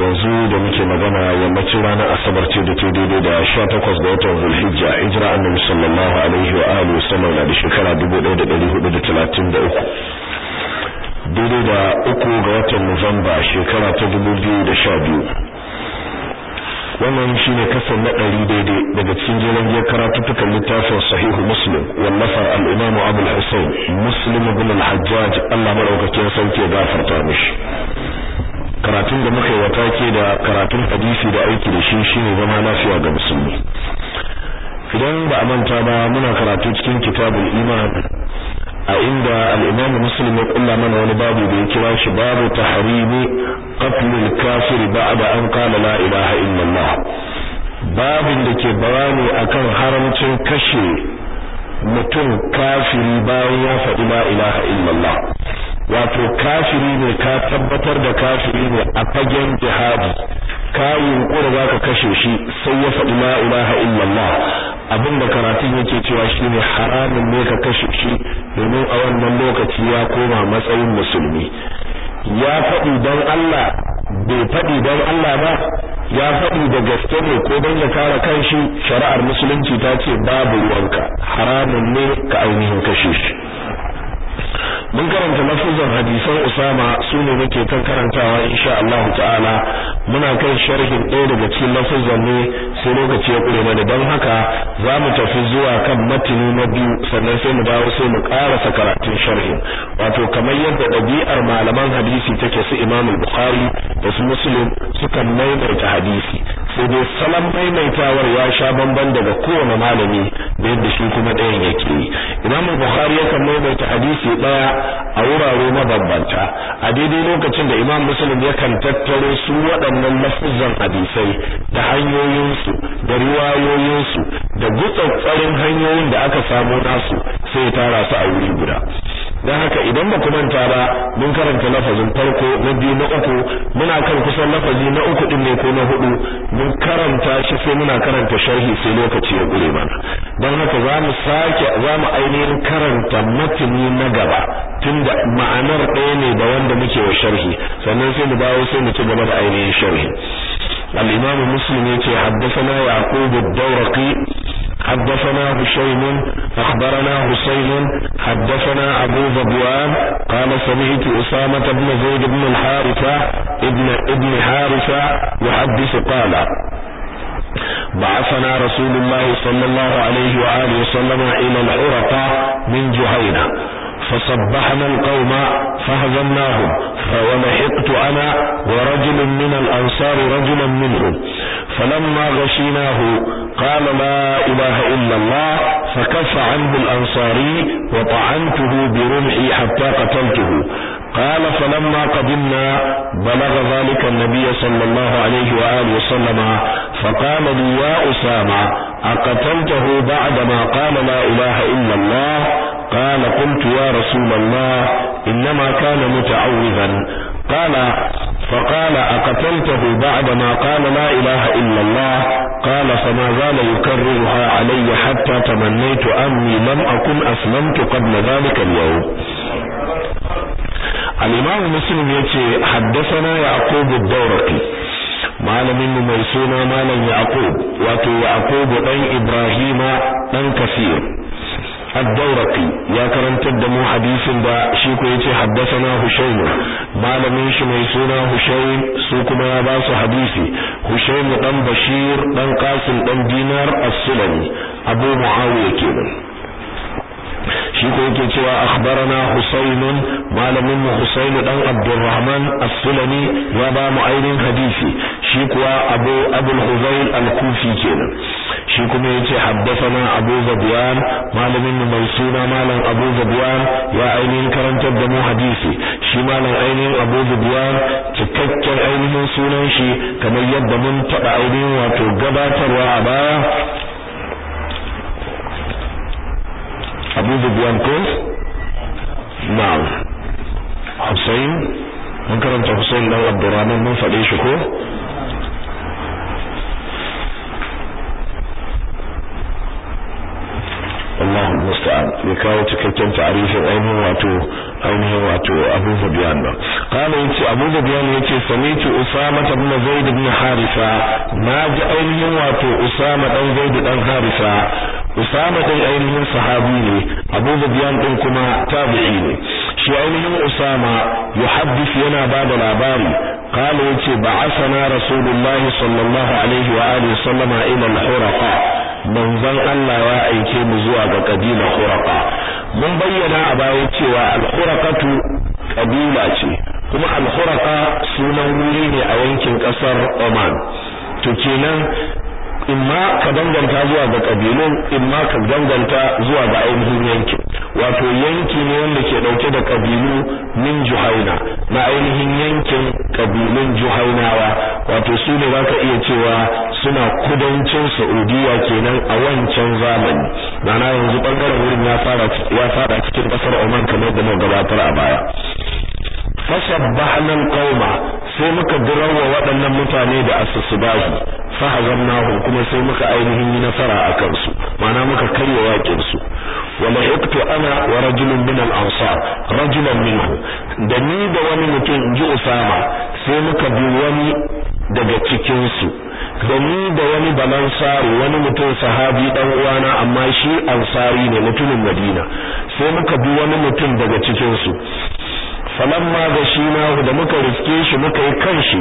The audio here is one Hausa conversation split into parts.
yanzu da muke magana yammacin ranar asabar ce da ke daidai da sha takwas ga watan zulhijja hijira annabi sallallahu alaihi wa alihi wasallam na da shekara dubu ɗaya da ɗari hudu da talatin da uku daidai da uku ga watan nuwamba shekara ta dubu biyu da sha biyu wannan shine kasan na ɗari daidai daga cikin jerin karatuttukan littafin sahihu muslim wallafa al-imam abu al-husayn muslim ibn al-hajjaj Allah madaukakin sauke ya gafarta mishi karatun da muka yi wata ke da karatun hadisi da aiki da shi shi ne zama lafiya ga musulmi idan ba a manta ba muna karatu cikin kitabul iman a inda al'imam imam muslim ya mana wani babu da ya kira shi babu ta tahrimi qatlul kafir da an qala la ilaha illallah babin da ke bayani akan haramcin kashe mutum kafiri bayan ya faɗi la ilaha illallah wato kafiri ne ka tabbatar da kafiri ne a fagen jihadi ka yunkura za ka kashe shi sai ya faɗi la ilaha illallah abin da karatun yake cewa shi ne haramun ne ka kashe shi domin a wannan lokaci ya koma matsayin musulmi ya faɗi don Allah bai faɗi don Allah ba ya faɗi da gaske ne ko don ya kare kanshi shari'ar musulunci ta ce babu ruwanka haramun ne ka ainihin kashe shi mun karanta lafuzan hadisan Usama su ne muke kan karantawa insha Allah ta'ala muna kan sharhin ɗaya daga cikin lafuzan ne sai lokaci ya kure mana don haka za mu tafi zuwa kan matini na biyu sannan sai mu dawo sai mu karasa karatun sharhin wato kamar yadda ɗabi'ar malaman hadisi take su Imam Bukhari da su Muslim sukan maimaita hadisi sai dai salon maimaitawar ya sha bamban daga kowane malami da yadda shi kuma ɗayan yake Imam Bukhari yakan maimaita hadisi ɗaya a wurare mabambanta a daidai lokacin da imam ya yakan tattaro su waɗannan lafuzan hadisai da hanyoyinsu da riwayoyinsu da gutsattsarin hanyoyin da aka samo nasu sai ya tara su a wuri guda don haka idan ba ku manta ba mun karanta lafazin farko na biyu na uku muna kan kusan lafazi na uku din ne ko na hudu mun karanta shi sai muna karanta sharhi sai lokaci ya gure mana don haka za mu sake za mu ainihin karanta matini na gaba tunda ma'anar ɗaya ne da wanda muke wa sharhi sannan sai mu dawo sai mu ci gaba da ainihin sharhi al-imam muslim yace haddathana yaqub ad-dawraqi حدثنا هشيم أخبرنا حسين حدثنا أبو ذبوان قال سمعت أسامة بن زيد بن الحارثة ابن ابن حارثة يحدث قال بعثنا رسول الله صلى الله عليه وآله وسلم إلى العرقة من جهينة فصبحنا القوم فهزمناهم فولحقت أنا ورجل من الأنصار رجلا منهم فلما غشيناه قال لا إله إلا الله فكف عنه الأنصاري وطعنته برمحي حتى قتلته قال فلما قدمنا بلغ ذلك النبي صلى الله عليه وآله وسلم فقال لي يا أسامة أقتلته بعدما قال لا إله إلا الله قال قلت يا رسول الله إنما كان متعوذا قال فقال أقتلته بعدما قال لا إله إلا الله قال فما زال يكررها علي حتى تمنيت أني لم أكن أسلمت قبل ذلك اليوم al-imam muslim yace haddathana yaqub ad-dawraqi malamin mai suna malam yaqub wato yaqub dan ibrahima dan kasir الدورقي يا كرمت الدمو حديث دا شيكو yace haddasana هشيم malamin shi mai suna Hushayn su kuma ya ba su hadisi Hushayn dan Bashir dan Qasim dan Dinar as-Sulami Abu Muawiya kenan shi ko yake cewa akhbarana husayn malamin mu husayn dan abdurrahman as-sulami ya ba mu ainihin hadisi shi kuwa abu abul huzail al-kufi kenan shi kuma yace haddathana abu zabyan malamin mu mai suna malam abu ya ainihin karantar da mu hadisi shi malam ainihin abu cikakken ainihin sunan shi kamar yadda mun taɓa ainihin wato gabatarwa a baya abu zubiyan ko na'am hussein mun karanta hussein dan abdurrahman mun faɗe shi ko Allahu musta'an ya kawo cikakken ta'arifin ainihin wato ainihin wato abu zabiyan ba kala yace abu zabiyan yace samitu usama ibn zaid ibn harisa na ji ainihin wato usama dan zaid dan harisa usama dai ainihin sahabi ne abu zabiyan din kuma tabi'i ne shi ainihin usama yuhaddith yana bada labari kala yace ba'asana rasulullahi sallallahu alaihi wa alihi sallama ila al-huraqa manzon Allah ya aike mu zuwa ga kabila huraqa mun bayyana a baya cewa al ƙabila kabila ce kuma al sunan wuri ne a yankin kasar Oman to kenan imma ka danganta zuwa ga kabilun imma ka danganta zuwa ga ainihin yankin wato yanki ne wanda ke dauke da kabilu min juhaina na ainihin yankin kabilun juhainawa wato su ne za ka iya cewa suna kudancin saudiya kenan a wancan zamani ma'ana yanzu bangaren wurin ya fara ya fara cikin kasar oman kamar da mu gabatar a baya fasabbahna qauma sai muka dirawa waɗannan mutane da asusubahi fahazamnahu kuma sai muka ainihin yi nasara a kansu mana muka karya yakin su wa lahiqtu ana wa rajulun min al-ansar rajulan minhu da ni da wani mutum inji Usama sai muka bi wani daga cikin su da ni da wani balansaru wani mutum sahabi dan uwana amma shi ansari ne mutumin Madina sai muka bi wani mutum daga cikin su falamma da shi na da muka riske shi muka yi kanshi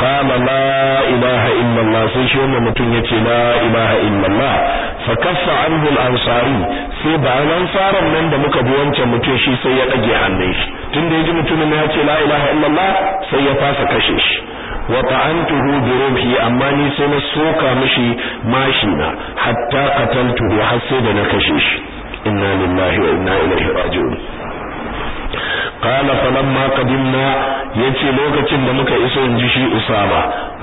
qala la ilaha illallah sai shi wannan mutum yace la ilaha illallah fa kaffa anhu al-ansari sai ba ansaran nan da muka bi wancan mutum shi sai ya dage hannun shi tunda yaji mutumin ya ce la ilaha illallah sai ya fasa kashe shi wa ta'antuhu bi ruhi amma ni sai na soka mishi mashi na hatta qataltuhu har sai da na kashe shi inna lillahi wa inna ma falamma qadimna yace lokacin da muka iso inji shi usama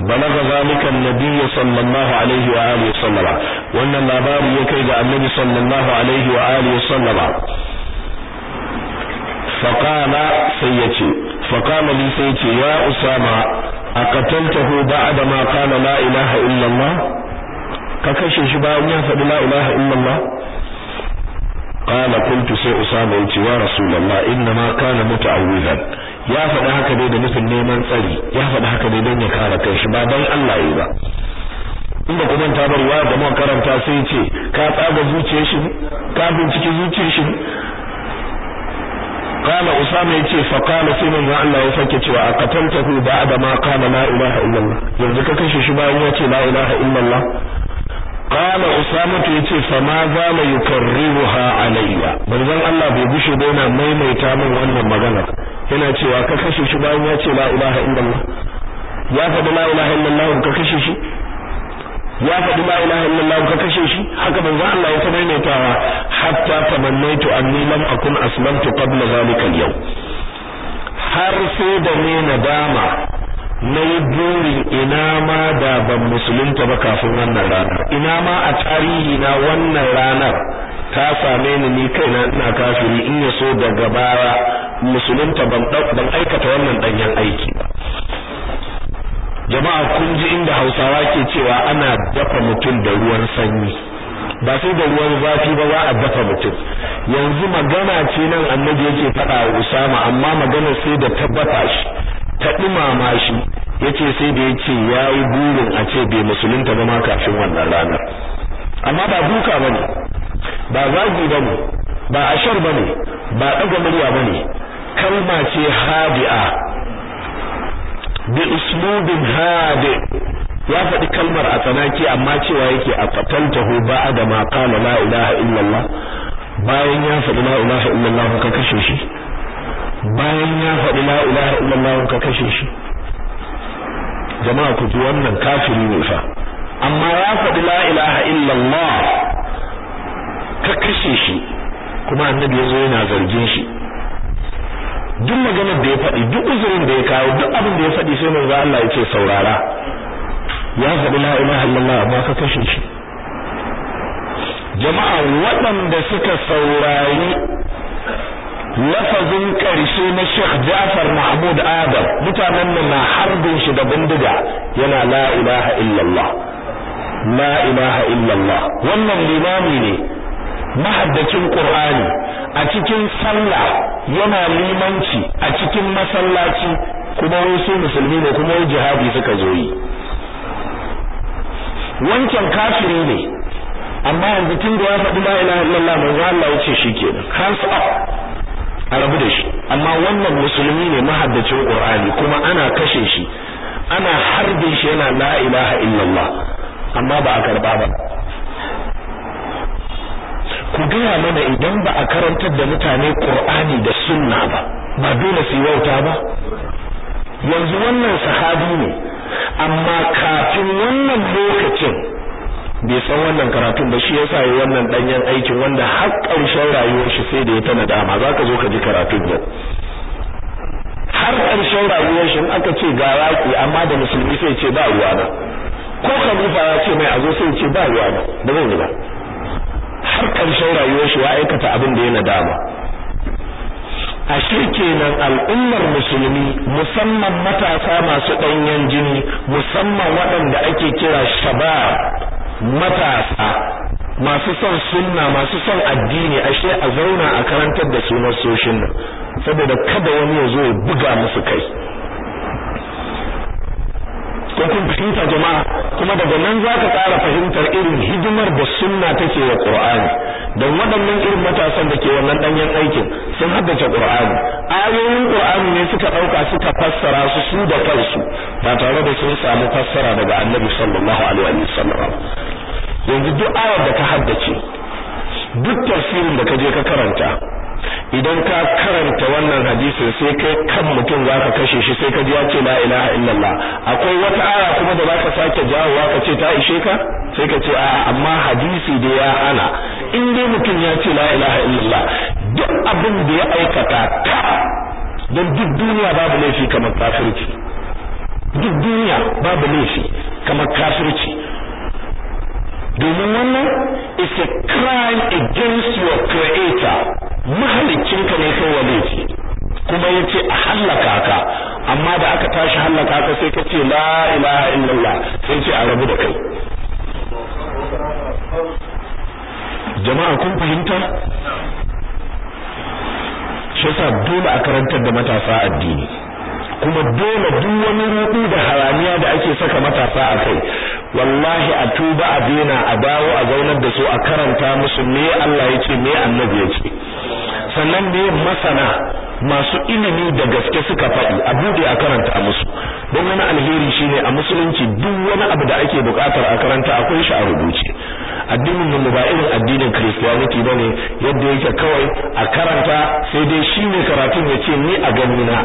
balaga zalika annabi sallallahu alaihi wa alihi sallama wannan labarin ya kai ga annabi sallallahu alaihi wa alihi sallama faqala sai yace faqala li sai yace ya usama aqataltahu ba'da ma qala la ilaha illa ka kashe shi bayan ya faɗi la ilaha qala kuntu sai usama yace ya rasulullah inna ma kana muta'awwidan ya faɗa haka dai da nufin neman tsari ya faɗa haka dai don ya kare kanshi ba dan Allah yi ba inda kuma ta bar wa da mun karanta sai ce ka tsaga zuciyar shi ka bincike zuciyar shi قال أسامة يتي فقال سيمن يا الله يفكت وأقتلته بعد ما قال لا إله إلا الله يرزقك شباب يتي لا إله إلا illallah. qala usama ya ce fa ma zala yukarriruha alayya manzon Allah bai gushe ba yana maimaita min wannan magana yana cewa ka kashe shi bayan ya ce la ilaha illallah ya faɗi la ilaha illallah ka kashe shi ya faɗi la ilaha illallah ka kashe shi haka manzon Allah ya ta maimaitawa hatta tamannaitu anni lam akun aslamtu qabla zalika al-yawm har sai da ni nadama na yi burin ina ma da ban musulunta ba kafin wannan ranar ina ma a tarihi na wannan ranar ta same ni ni na ina kafiri in ya so daga baya musulunta ban aikata wannan danyen aiki jama'a kun ji inda Hausawa ke cewa ana dafa mutum da ruwan sanyi ba sai da ruwan zafi ba za a dafa mutum yanzu magana ce nan annabi yake faɗa wa Usama amma magana sai da tabbata shi ta ɗumama shi yace sai da yace yayi burin a ce bai musulunta ba ma kafin wannan ranar amma ba duka bane ba zagi bane ba ashar bane ba daga murya bane kalma ce hadi'a bi uslubin hadi ya faɗi kalmar a tsanaki amma cewa yake a fatantahu ba'da ma qala la ilaha illallah bayan ya faɗi la ilaha illallah ka kashe shi bayan ya faɗi la ilaha illallah ka kashe shi jama'a ku ji wannan kafiri ne fa amma ya faɗi la ilaha illallah ka kashe shi kuma annabi zo yana zargin shi duk maganar da ya faɗi duk uzurin da ya kawo duk abin da ya faɗi sai za Allah ya ce saurara ya faɗi la ilaha illallah amma ka kashe shi jama'a waɗanda suka saurari lafazin ƙarshe na Sheikh Ja'far Mahmud Adam mutanen nan na harbin shi da bindiga yana la ilaha illallah la ilaha illallah wannan limami ne mahaddacin Qur'ani a cikin sallah yana limanci a cikin masallaci kuma wasu musulmi ne kuma jihadi suka zo yi wancan kafiri ne amma yanzu tun da ya faɗi la ilaha illallah manzo Allah ya ce shikenan hands up a rabu da shi amma wannan musulmi ne mahaddacin qur'ani kuma ana kashe shi ana harbe shi yana la ilaha illallah amma ba a karba ba ku gaya mana idan ba a karantar da mutane qur'ani da sunna ba ba dole su wauta ba yanzu wannan sahabi ne amma kafin wannan lokacin bai san wannan karatun ba shi yasa yi wannan danyen aikin wanda har ƙarshen rayuwar shi sai da ya tana dama za ka zo ka ji karatun ba. har ƙarshen rayuwar shi aka ce ga yaƙi amma da musulmi sai ce ba ruwa ba ko khalifa ya ce mai azo sai ce ba ruwa ba zan yi ba har ƙarshen rayuwar shi ya aikata abin da ya nadama ashe kenan al'ummar musulmi musamman matasa masu ɗanyen jini musamman waɗanda ake kira shabab matasa masu son sunna masu son addini ashe a zauna a karantar da su Soshin nan saboda kada wani ya zo ya buga musu kai ko kun fahimta jama'a kuma daga nan za ka ƙara fahimtar irin hidimar da sunna take wa ƙur'ani don waɗannan irin matasan da ke wannan ɗanyen aikin sun haddace ƙur'ani ayoyin ƙur'ani ne suka ɗauka suka fassara su su da kansu ba tare da sun samu fassara daga annabi sallallahu alaihi wa sallam yanzu duk ayar da ka haddace duk tafsirin da ka je ka karanta idan ka karanta wannan hadisin sai kai kan mutum za ka kashe shi sai ka ji ya ce la ilaha illallah akwai wata aya kuma da za zaka sake jawowa ka ce ta ishe ka sai ka ce a amma hadisi da ya ana in mutum ya ce la ilaha illallah duk abin da ya aikata ta don duk duniya babu laifi kamar kafirci duk duniya babu laifi kamar kafirci domin wannan is a crime against your creator ka ne kai wale ce kuma ya ce a hallaka ka amma da aka tashi hallaka ka sai ka ce la ilaha illallah sai ce a rabu da kai jama'a kun fahimta shi yasa dole a karantar da matasa addini kuma dole duk wani ruɗu da haramiya da ake saka matasa a kai wallahi a tuba a dina a dawo a zaunar da su a karanta musu me Allah ya ce me annabi ya ce sannan ne masana masu ilimi da gaske suka faɗi a buɗe a karanta a musu don wani alheri shine a musulunci duk wani abu da ake bukatar a karanta akwai shi a rubuce addinin mu ba irin addinin ba ne. yadda yake kawai a karanta sai dai shi ne karatun ya ce ni a gani na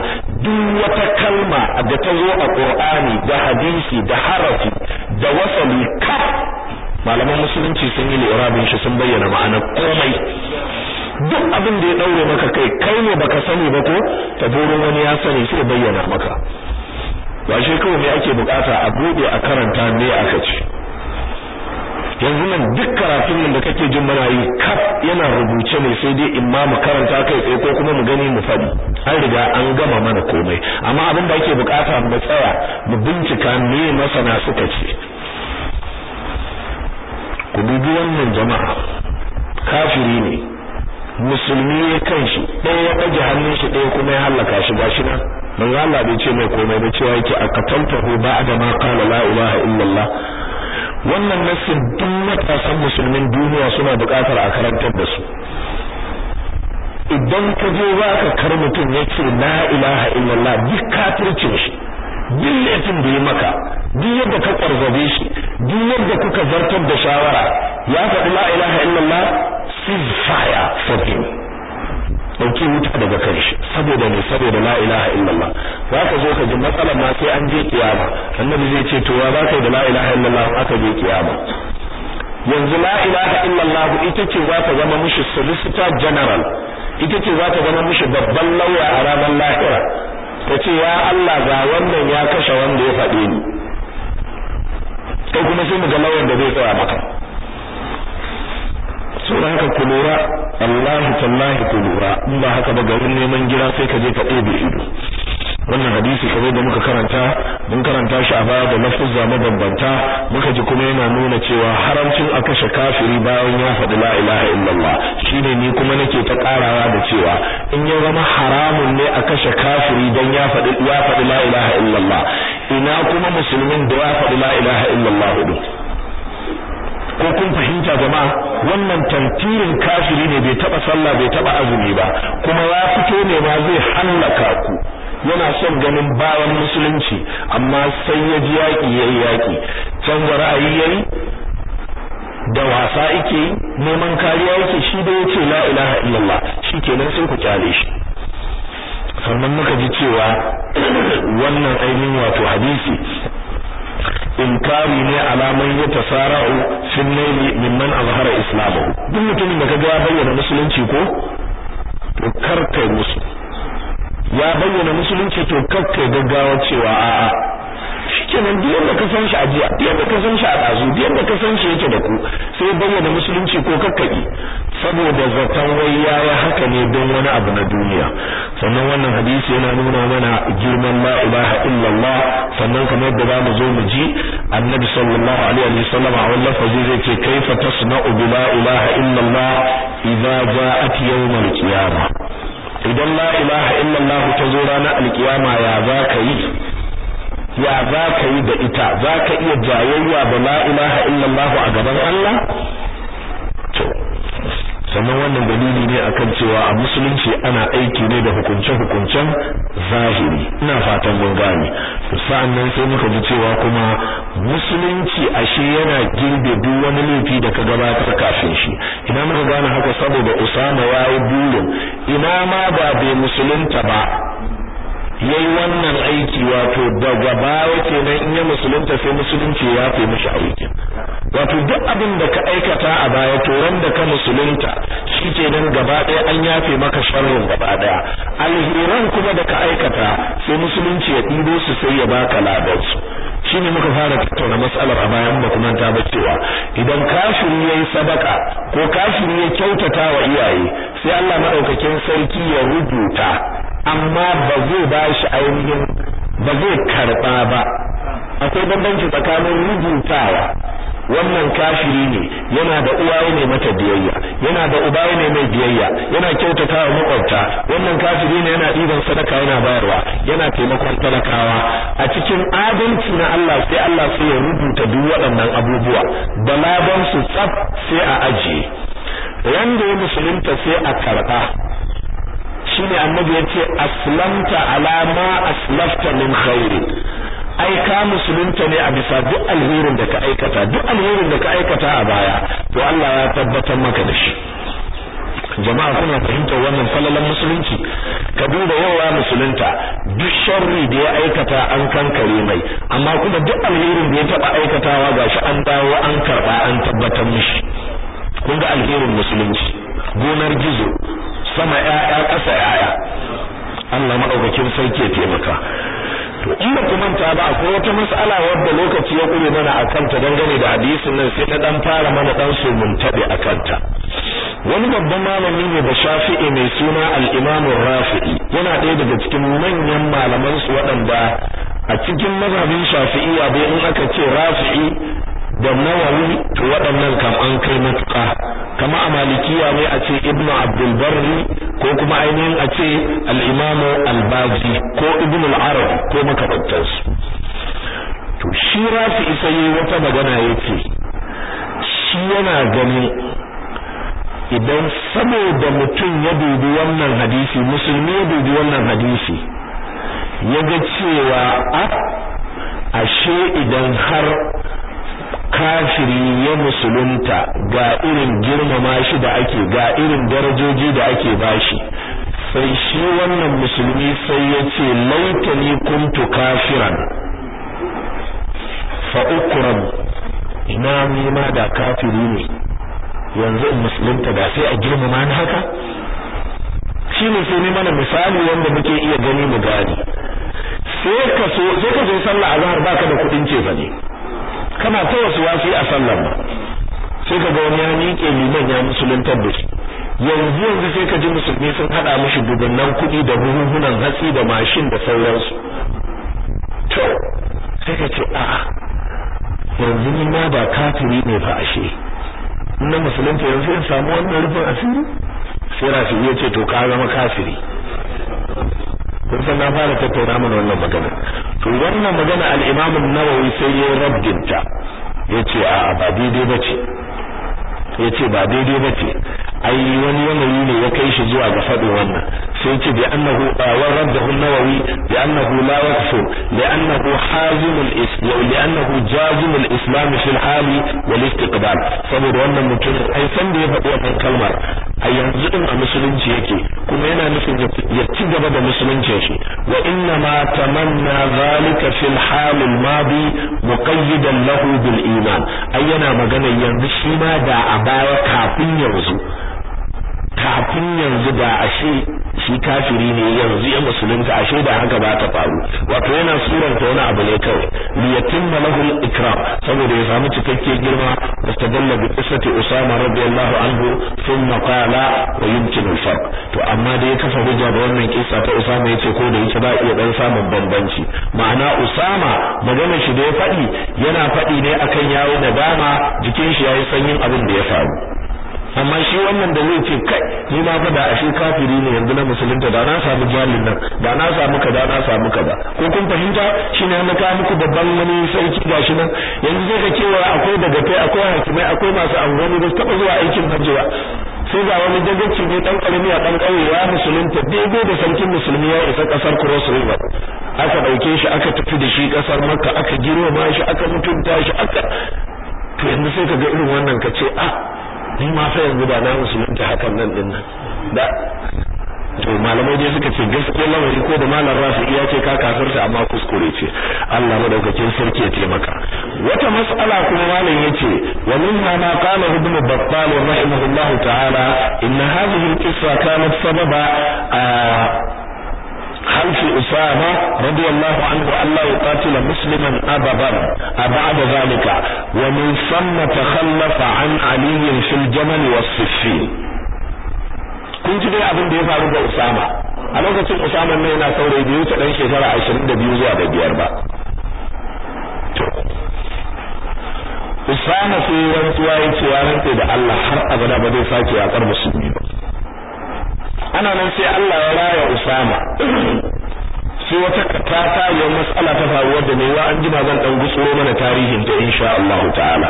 duk wata kalma da ta zo a Qur'ani da hadisi da harafi da wasali ka malaman musulunci sun yi lirabin shi sun bayyana ma'anar komai duk abin da ya daure maka kai kai ne baka sani ba ko ta burin wani ya sani sai bayyana maka ba shi kawai me ake bukata a bude a karanta ne aka ce yanzu nan duk karatun nan da kake jin mana yi kaf yana rubuce ne sai dai in ma mu karanta kai tsaye ko kuma mu gani mu faɗi an riga an gama mana komai amma abin da ake bukata mu tsaya mu bincika me masana suka ce ku dubi wannan jama'a kafiri ne musulmi ya kan shi ɗaya ya ɗage hannun shi ɗaya kuma ya hallaka shi ba shi na manzo Allah bai ce mai komai ba cewa yake akatantahu ba'da ma qala la ilaha illallah wannan nassin duk matasan musulmin duniya suna buƙatar a karantar da su idan ka je za ka kar mutum ya ce la ilaha illallah duk kafircin shi duk laifin da ya maka duk yadda ka ƙwarzabe shi duk yadda kuka zartar da shawara ya faɗi la ilaha illallah cease fire from him dauki wuta daga kan shi saboda ne saboda la ilaha illallah za ka zo ka ji matsalar ma sai an je kiyama annabi zai ce to wa za ka yi da la ilaha illallah aka je kiyama yanzu la ilaha illallah ita ce za ta zama mishi solicitor general ita ce za ta zama mishi babban lauya a ranar lahira ta ce ya Allah ga wannan ya kashe wanda ya faɗe ni kai kuma sai mu ga lauyan da zai tsaya maka saboda haka ku lura allahu tallahi ku lura in ba haka ba garin neman gida sai ka je ka ɗebe ido wannan hadisi kare da muka karanta mun karanta shi a baya da lafuzza mabambanta muka ji kuma yana nuna cewa haramcin a kashe kafiri bayan ya faɗi la ilaha illallah shine ni kuma nake ta karawa da cewa in ya zama haramun ne a kashe kafiri dan ya faɗi ya faɗi la ilaha illallah ina kuma musulmin da ya faɗi la ilaha illallah hudu. ko kun fahimta jama'a wannan tantirin kafiri ne bai taba sallah bai taba azumi ba kuma ya fito ne ma zai hallaka ku yana son ganin bayan musulunci amma sai ya ji yaki yayi yaki canza ra'ayi yayi da wasa yake neman kariya yake shi da yace la ilaha illallah shikenan sai ku kyale shi sannan muka ji cewa wannan ainihin wato hadisi inkari ne alaman ya tasara'u fil layli mimman azhara islamu duk mutumin da kaga ya bayyana musulunci ko to kar musu ya bayyana musulunci to kar gaggawa cewa a'a kenan duk yadda ka san shi a jiya duk yadda ka san shi a ɗazu duk yadda ka san shi yake da ku sai bayyana musulunci ko kakkaki saboda zaton wai ya yi haka ne don wani abu na duniya sannan wannan hadisi yana nuna mana girman la ilaha illallah sannan kamar yadda za mu zo mu ji annabi sallallahu alaihi wa sallam a wannan fazi zai ce kaifa tasna'u bi la ilaha illallah idza ja'at yawm al-qiyamah idan la ilaha illallah ta zo ranar alkiyama ya za ka yi ya za ka yi da ita za ka iya jayayya da la illallahu a gaban Allah to sannan wannan dalili ne akan cewa a musulunci ana aiki ne da hukunce-hukuncen zahiri ina fatan mun gane sa'an nan sai muka ji cewa kuma musulunci ashe yana girbe duk wani laifi da ka gabatar kafin shi ina muka gane haka saboda Usama yi burin ina ma ba bai musulunta ba ya yi wannan aiki wato daga baya nan in ya musulunta sai musulunci ya fi mishi aiki wato duk abin da ka aikata a baya to ran da ka musulunta shi ke nan gaba ɗaya an yafe maka sharrin gaba ɗaya alheran kuma da ka aikata sai musulunci ya ɗibo su sai ya baka labarsu. shi ne muka fara tattauna matsalar a bayan ta ba cewa idan kashin ya yi sadaka ko kashin ya kyautata wa iyaye sai Allah maɗaukakin sarki ya rubuta amma ba zai ba shi ainihin ba zai karɓa ba akwai bambanci tsakanin rubutawa wannan kafiri ne yana da uwa ne mata biyayya yana da uba ne mai biyayya yana kyautata wa makwabta wannan kafiri ne yana ɗiban sadaka yana bayarwa yana taimakon talakawa a cikin adalci na Allah sai Allah sai ya rubuta duk waɗannan abubuwa da labansu tsaf sai a ajiye yanda ya musulunta sai a karɓa shine annabi yace aslamta ala ma aslafta min khairin ai ka musulunta ne a bisa duk alherin da ka aikata duk alherin da ka aikata a baya to Allah ya tabbatar maka da shi jama'a kuna fahimtar wannan falalan musulunci ka duba yawa musulunta duk sharri da ya aikata an kankare mai amma kuma duk alherin da ya taba aikatawa gashi an dawo an karba an tabbatar mishi kun ga alherin musulunci gonar gizo sama ƴaƴa ƙasa ƴaƴa Allah madaukakin sarki ya taimaka to in ba ku manta ba akwai wata mas'ala wadda lokaci ya kure mana a ta dangane da hadisin nan sai na dan fara mana dan su mun tabe ta. wani babban malami ne da shafi'i mai suna al-imam rafi'i yana ɗaya daga cikin manyan malaman su waɗanda a cikin mazhabin shafi'i abu in aka ce rafi'i da nawawi to waɗannan kam an kai matuƙa kama a malikiya ne a ce ibnu abdul barri ko kuma ainihin a ce al-imamu al ko ibn al-arab ko makamantansu to shi rafi isa yi wata magana yake shi yana gani idan saboda mutum ya dubi wannan hadisi musulmi ya dubi wannan hadisi ya ga cewa a ah, ashe idan har kafiri ya musulunta ga irin girmama shi da ake ga irin darajoji da ake bashi sai shi wannan musulmi sai ya ce laitani kuntu kafiran fa ukram ina ni ma da kafiri ne yanzu in musulunta da sai a girmama ni haka shi ne sai mana misali wanda muke iya gani mu gani sai ka so sai ka zo sallah azhar baka da kudin ce ba ne kana ta wasu wasu a sallar ba sai ka ga wani ya miƙe liman ya musuluntar da yanzu yanzu sai ka ji musulmi sun haɗa mishi dubunnan kuɗi da buhuhunan hatsi da mashin da sauransu to sai ka ce a'a yanzu ni ma ba kafiri ne fa ashe na musulunta yanzu in samu wannan rufin asiri sai rafi iya ce to ka zama kafiri kun san na fara tattauna mana wannan magana to wannan magana al-Imam an-Nawawi sai ya raddinta yace a ba daidai bace yace ba daidai bace ai wani yanayi ne ya kai shi zuwa ga faɗin wannan sai ce bi annahu wa raddahu an-nawawi bi annahu la yaqfu li annahu hazim al-islam li annahu jazim al-islam fi al-hali wal istiqbal saboda wannan mutum ai san da ya faɗi wannan kalmar a yanzu din a musulunci yake kuma yana nufin ya ci gaba da musulunci shi wa inna ma tamanna zalika fil hal al madi muqayyidan lahu bil iman ai yana magana yanzu shi ma da a baya kafin yanzu kafin yanzu da ashe shi kafiri ne yanzu ya musulunta ashe da haka ba ta faru wato yana suranta wani abu ne kawai Liyatin yatimma lahu ikram saboda ya samu cikakken girma mustadalla bi qissati usama radiyallahu anhu thumma qala wa yumkin al-farq to amma da ya kafa hujja da wannan kisa ta usama ya ce ko da yake ba iya dan samun bambanci ma'ana usama magana shi da ya faɗi yana faɗi ne akan yawo da dama jikin shi ya yi sanyin abin da ya faru amma shi wannan da zai ce kai ni ma fa da ashe kafiri ne yanzu na musulunta da na samu jalin nan da na samu ka da na samu ka ba ko kun fahimta shi ne na ka muku babban wani sarki gashi nan yanzu zai ka cewa akwai daga kai akwai hakimai akwai masu angwani da su taba zuwa aikin hajji sai ga wani dagacci ne dan karami a dan kauye ya musulunta daidai da sarkin musulmi ya isa kasar cross ba aka dauke shi aka tafi da shi kasar makka aka girma shi aka mutunta shi aka to yanzu sai ka ga irin wannan ka ce ah ni ma sai yanzu da na musulunta hakan nan din nan da to malamai dai suka ce gaskiyar lamari ko da malam rafi iya ce ka kafirta amma kuskure ce Allah madaukakin sarki ya taimaka wata mas'ala kuma malam ce wa minha ma qala ibn battal rahimahullahu ta'ala inna hadhihi al-qissa kanat sababa خلف أسامة رضي الله عنه ألا يقاتل مسلما أبدا أبعد ذلك ومن ثم تخلف عن علي في الجمل والصفين كنت دي أبن دي فارو أسامة a lokacin Usama na yana saurayi biyu ta dan shekara 22 zuwa da biyar ba Usama sai rantsuwa ya ce ya da Allah har abada ba zai sake yakar musulmi ba ana nan sai Allah ya raya Usama sai wata ya matsala ta faruwar da ne wa an jima zan dan gutsuro mana tarihin ta insha Allah ta'ala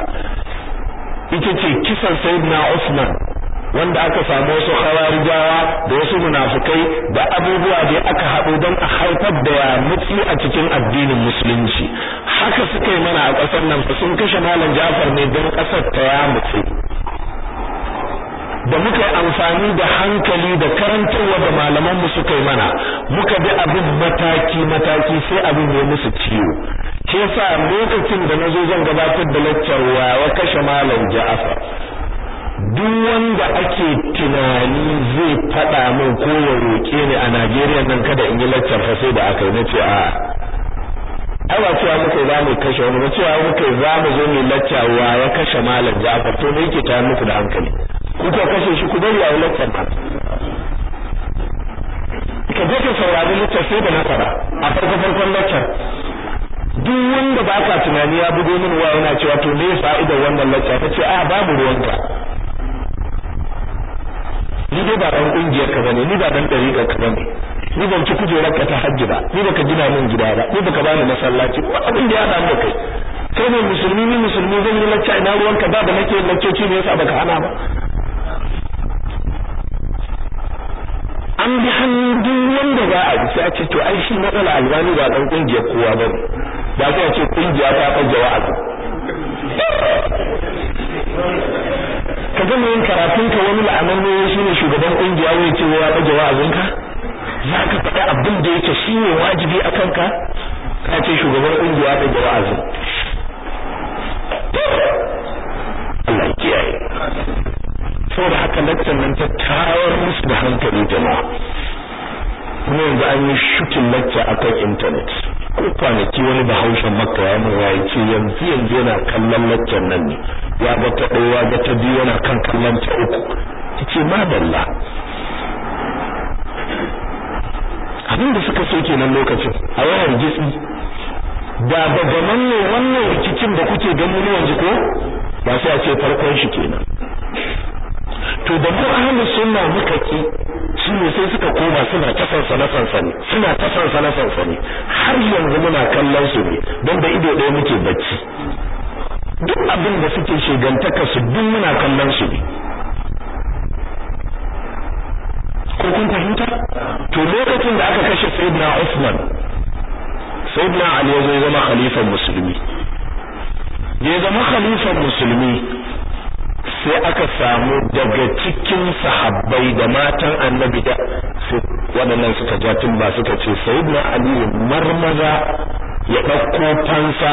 ita ce kisan sayyidina Usman wanda aka samu wasu kharijawa da wasu munafukai da abubuwa da aka haɗu don a haifar da mutsi a cikin addinin musulunci haka suka yi mana a ƙasar nan sun kashe malam Jafar ne don kasar ta ya mutsi da muka yi amfani da hankali da karantarwa da malamanmu suka yi mana muka bi abin mataki-mataki sai abin ya musu ciwo ke sa lokacin da na zo zan gabatar da laccar wa kashe malam ja'afa duk wanda ake tunani zai faɗa min ko ya roƙe ni a najeriya nan kada in yi laccar fa sai da aka yi na ce a'a ai cewa muka za mu kashe wani ba cewa muka za mu zo mu lacca wa ya kashe malam Ja'far to me yake tayar muku da hankali kuka kashe shi ku bari a ka je ka saurari lacca sai da na fara a farko farkon lacca duk wanda ba ka tunani ya bugo min wa yana cewa to me idan wannan lacca ta ce a babu ruwanka ni dai ba dan kungiyar ka bane ni ba dan dariƙar ka bane ni ban ci kujerar ka ta hajji ba ni baka gina min gida ba ni baka bani masallaci ko abin da ya da da kai kai ne musulmi ni musulmi zan yi lacca ina ruwan da da nake laccoci ne yasa baka hana ba an bi hannun duk wanda za a sai a ce to ai shi matsala albani ba dan kungiyar kowa ba ba sai a ce kungiya ta fajja wa'azi ka gama yin karatun ka wani la'anan ne shine shugaban kungiya wai ce wa fajja ka za ka faɗi abin da yake shi ne wajibi a kanka ka ce shugaban ƙungiya da azu Allah ya kiyaye da haka lakcin nan ta tawar musu da hankali jama'a kuma yanzu an yi shukin lacca a kan intanet ko kwanaki wani bahaushen makka ya mura ya ce yanzu yanzu yana kallon lacca nan ya ga ta ɗaya ya ga ta biyu yana kan kallon ta uku ta ce madalla abin da suka so kenan lokacin a yawan jisi da daga ne wannan rikicin da kuke ganin ne yanzu ko ba sai a ce farkon shi kenan to da mu ahlus sunna muka ki shine sai suka koma suna ta sansana sansani suna ta sansana sansani har yanzu muna kallon su ne don da ido ɗaya muke bacci duk abin da suke shigantaka su duk muna kallon su ne ko kun fahimta to lokacin da aka kashe sayyidina Uthman sayyidina Ali ya zama khalifan musulmi ya zama khalifan musulmi sai aka samu daga cikin sahabbai da matan annabi da waɗannan suka ja ba suka ce sayyidina Ali marmaza ya ɗauko fansa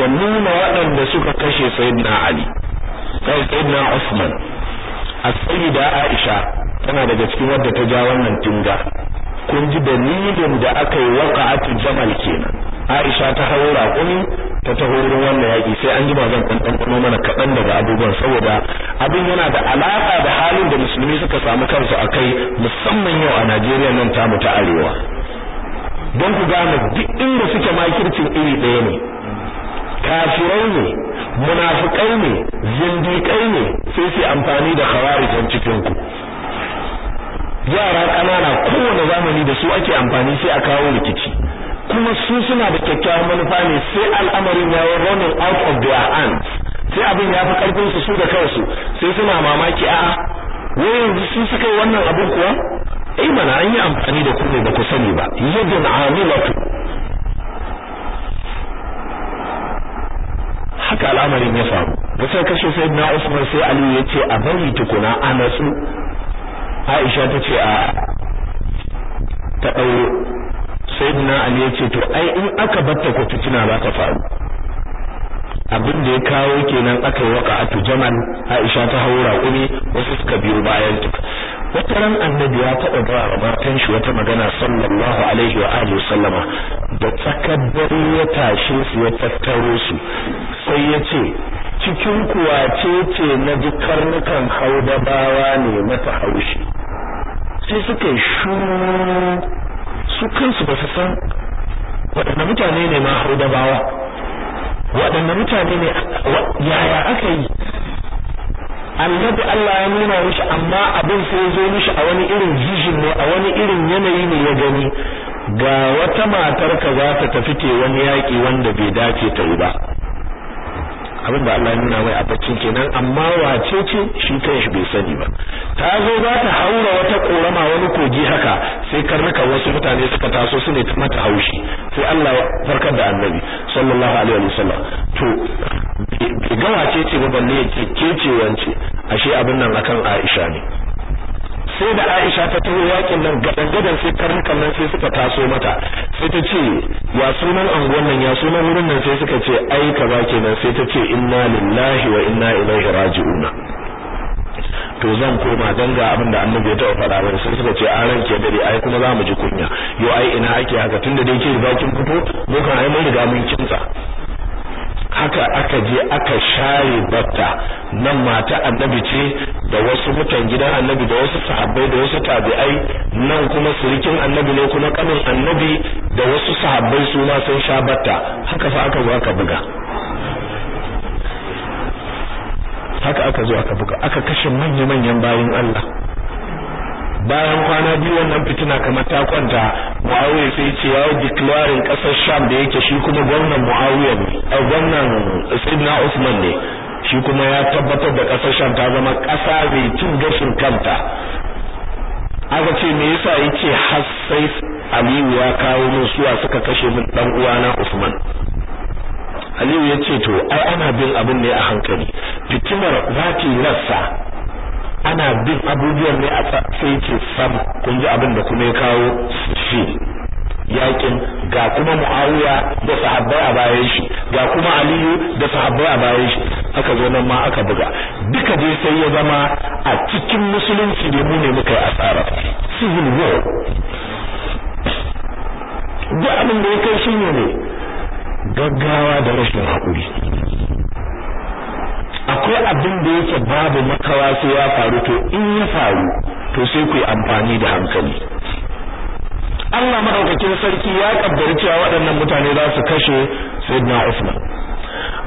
ya nuna waɗanda suka kashe sayyidina Ali sai eh, sayyidina Usman as-sayyida Aisha tana daga cikin wadda ta ja wannan tinga kun ji da nidin da aka yi waqa'atu jamal kenan Aisha ta haura kuni ta taho wurin wannan yaki sai an ba zan dan kuma mana kadan daga abubuwan saboda abin yana da alaka da halin da musulmi suka samu kansu a kai musamman yau a Najeriya nan tamu ta arewa don ku gane duk inda suke makircin iri ɗaya ne kafirai ne munafukai ne zindikai ne sai su amfani da khawarijan cikin ku yara ƙanana kowane zamani da su ake amfani sai a kawo rikici kuma su suna da kyakkyawan manufa ne sai al'amarin ya running out of their hands sai abin ya fi karfin su su da kansu sai suna mamaki a'a wai yanzu su suka yi wannan abin kuwa ai eh mana an yi amfani da ku ne ba ku sani ba yadun amilatu haka al'amarin ya faru da sai kashe na Usman sai Aliyu ya ce a bari tukuna a natsu aisha ta ce a ta ɗauro dina ali ya ce to ai in aka batta ko fitina ba ta faru abin da ya kawo kenan aka yi waka atu jamal aisha ta hau raƙumi wasu suka biyo bayan ta wata ran annabi ya taɓa ba matan shi wata magana sallallahu alaihi wa alihi sallama da tsakar dare ya tashi su ya tattaro su sai ya ce cikin kuwa ce na ji karnukan haudabawa ne mata haushi sai suka yi shuru su kansu ba su san waɗanda mutane ne ma haudabawa waɗanda mutane ne yaya aka yi annabi Allah ya nuna mishi amma abin sai zo mishi a wani irin jijin ne a wani irin yanayi ne ya gani ga wata matar ka za ta tafi ke wani yaƙi wanda bai dace ta yi ba abin da Allah ya nuna mai a baccin kenan amma wace ce shi kanshi bai sani ba ta zo za ta haura wata korama wani kogi haka sai karnuka wasu mutane suka taso su ne mata haushi sai Allah ya farkar da annabi sallallahu alaihi wasallam to bai ga wace ce ba balle ce ke ce wance ashe abin nan akan Aisha ne sai da Aisha ta taho yakin nan gadan gadan sai karnukan nan sai suka taso mata sai ta ce ya sunan anguwan nan ya sunan wurin nan sai suka ce ai kaza kenan sai ta ce inna lillahi wa inna ilaihi raji'un to zan koma danga abin da annabi ya taɓa faɗa ba sai suka ce an ranke dare ai kuma za mu ji kunya yo ai ina ake haka tunda dai ke riga kin fito mu kan ai mun riga mun kinsa haka aka je aka share batta nan mata annabi ce da wasu mutan gidan annabi da wasu sahabbai da wasu tabi'ai nan kuma surikin annabi ne kuma kanin annabi da wasu sahabbai su ma sun sha batta haka fa aka zo aka buga haka aka zo aka buga aka kashe manya-manyan bayin Allah bayan kwana biyu wannan fitina kamar ta kwanta Muawiya sai ce ya declaring kasar Sham da yake shi kuma gwamnan Muawiya ne eh, gwamnan Sayyidina Usman ne shi kuma ya tabbatar da kasar Sham ta zama ƙasa mai cin gashin kanta aka ce me yasa yake har sai Aliyu ya kawo min suwa suka kashe min dan uwana Usman Aliyu ya ce to ai ana bin abin ne a hankali fitinar za ta rassa ana bin abubuwan ne a sai ce sam kun ji abin da kuma ya kawo shi yakin ga kuma muawiya da sahabbai a bayan shi ga kuma aliyu da sahabbai a bayan shi aka zo nan ma aka buga duka dai sai ya zama a cikin musulunci ne mu ne muka yi asara civil war duk abin da ya kai shi ne gaggawa da rashin haƙuri akwai abin da yake babu makawa sai ya faru to in ya faru to sai ku yi amfani da hankali Allah madaukakin sarki ya kaddara cewa waɗannan mutane za su kashe Sayyidina Usman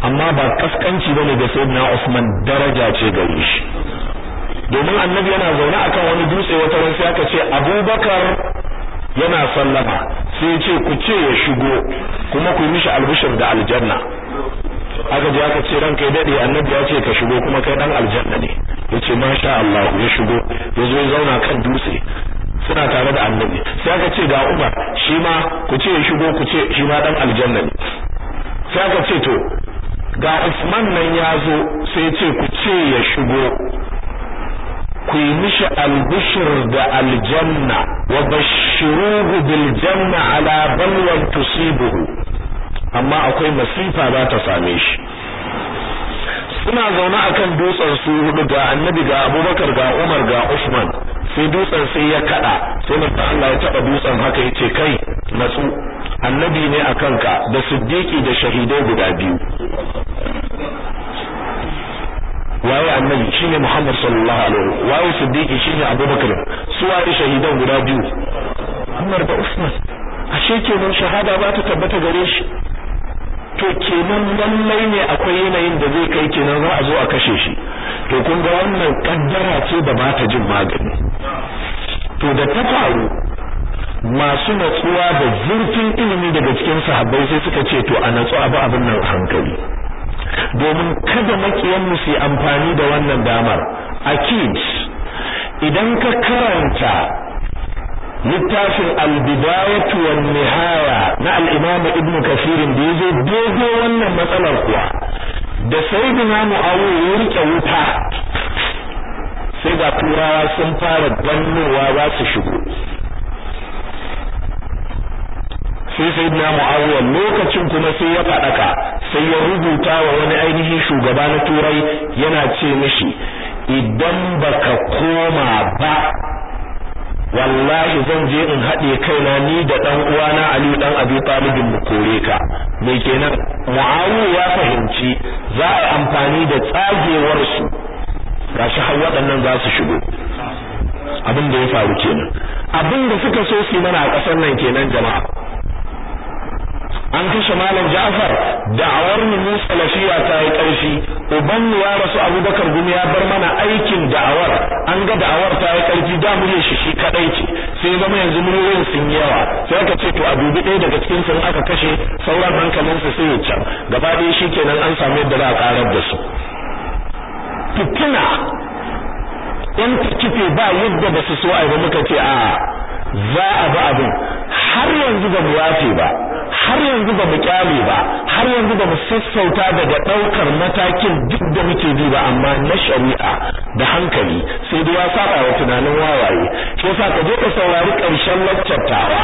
amma ba kaskanci bane ga Sayyidina Usman daraja ce gare shi domin annabi yana zaune akan wani dutse wata ran sai aka ce Abubakar yana sallama sai ya ce ku ce ya shigo kuma ku yi mishi albishir da aljanna aka je aka ce ranka ya dade annabi ya ce ka shigo kuma kai dan aljanna ne yace masha Allah ya shigo ya zo ya zauna kan dutse suna tare da annabi sai aka ce ga Umar shi ma ku ce ya shigo ku ce shi ma dan aljanna ne sai aka ce to ga Usman nan ya zo sai ce ku ce ya shigo ku yi mishi albishir da aljanna wa bashiruhu bil janna ala balwan tusibuhu amma akwai masifa za ta same shi suna zaune akan dutsen su hudu ga annabi ga abubakar ga umar ga usman sai dutsen sai ya kada sai mutum Allah ya taba dutsen haka ya ce kai natsu annabi ne a kanka da siddiqi da shahidai guda biyu waye annabi shine Muhammad sallallahu alaihi wasallam waye shi shine Abubakar su waye shahidan guda biyu Umar da Usman ashe kenan shahada ba ta tabbata gare shi to kenan lallai ne akwai yanayin da zai kai kenan za a zo a kashe shi to kun ga wannan kaddara ce da ba ta jin magani to da ta faru masu natsuwa da zurfin ilimi daga cikin sahabbai sai suka ce to a natsu abu abin nan hankali domin kada makiyan mu su amfani da wannan damar akid idan ka karanta littafin albidayatu wan nihaya na al-imam ibn kafirin da ya yazo dogo wannan matsalar kuwa da sayyidina muawiya ya rike wuta sai ga turawa sun fara gannowa za su shigo sai sayyidina muawiya lokacin kuma sai ya fadaka sai ya rubuta wa wani ainihin shugaba na turai yana ce mishi idan baka koma ba wallahi zan je in haɗe kaina ni da ɗan uwana Ali ɗan Abi Talib mu kore ka me kenan Muawiya ya fahimci za a amfani da tsagewar su gashi har waɗannan za su shigo abin da ya faru kenan abin da suka so su mana a ƙasar nan kenan jama'a an kashe malam Ja'far da'awar mu mu salafiya ta yi ƙarfi uban mu ya rasu Abubakar gumi ya bar mana aikin da'awar an ga da'awar ta yi ƙarfi da mu shi shi kadai ce sai zama yanzu muryoyin sun yawa sai aka ce to a dubi ɗaya daga cikin sun aka kashe sauran hankalin su sai ya can gaba ɗaya shi shikenan an samu yadda za a karar da su fitina yan kike ba yadda ba su so a ba muka ce a za a ba abin har yanzu ba mu yafe ba har yanzu ba mu kyale ba har yanzu ba mu sassauta daga daukar matakin duk da muke bi ba amma na shari'a da hankali sai dai ya saba wa tunanin wawaye ke sa ka je ka saurari karshen laccar tawa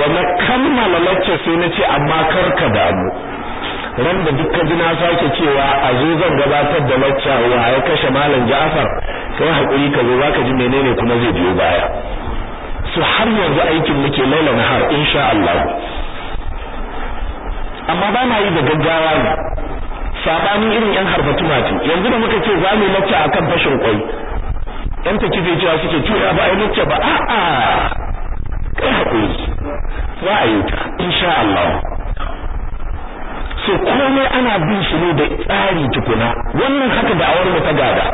da na kammala laccar sai na ce amma kar ka damu ran da duk kaji na sake cewa a zo zan gabatar da lacca wa ya kashe malam Ja'far kai hakuri ka zo zaka ji menene kuma zai biyo baya su har yanzu aikin muke lailan har insha Allah amma ba na yi da gaggawa ne sabanin irin yan harfa tumati yanzu da muka ce za mu lacca akan fashin kwai yan ta kife cewa suke tura ba ai lacca ba a'a kai hakuri za a yi ta insha Allah so komai ana bin shi ne da tsari tukuna wannan haka da awarmu ta gada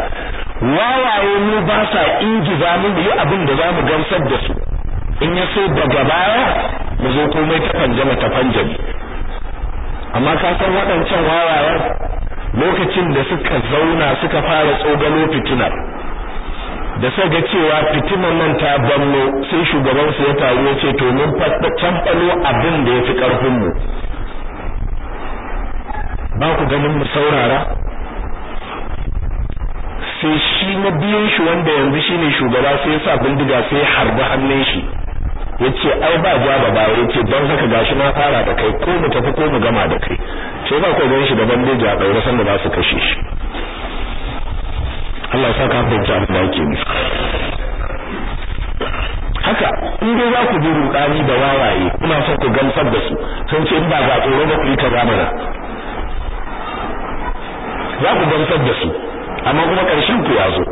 wawaye mu ba sa ingiza mun yi abin da zamu gamsar da su in ya so daga baya mu zo komai ta fanjama ta fanjami amma ka san waɗancan wawayen lokacin da suka zauna suka fara tsogalo fitina da sai ga cewa fitinan nan ta banno sai shugaban su ya taru ya ce to mun can abin da ya fi mu ba ku ganin mu saurara sai shi na biyan shi wanda yanzu shi ne shugaba sai ya sa bindiga sai harba hannun shi ya ce ai ba ja ba ce don haka gashi na fara da kai ko mu tafi ko mu gama da kai sai ba ku ganin shi da bandeji a ɗaure sanda za su kashe shi Allah sa saka fahimci abin da ake nufi haka in dai za ku bi rudani da wawaye kuna son ku gamsar da su sun ce in ba ga tsoro ba ku yi kaza mana za ku gamsar da su amma kuma ƙarshen ku ya zo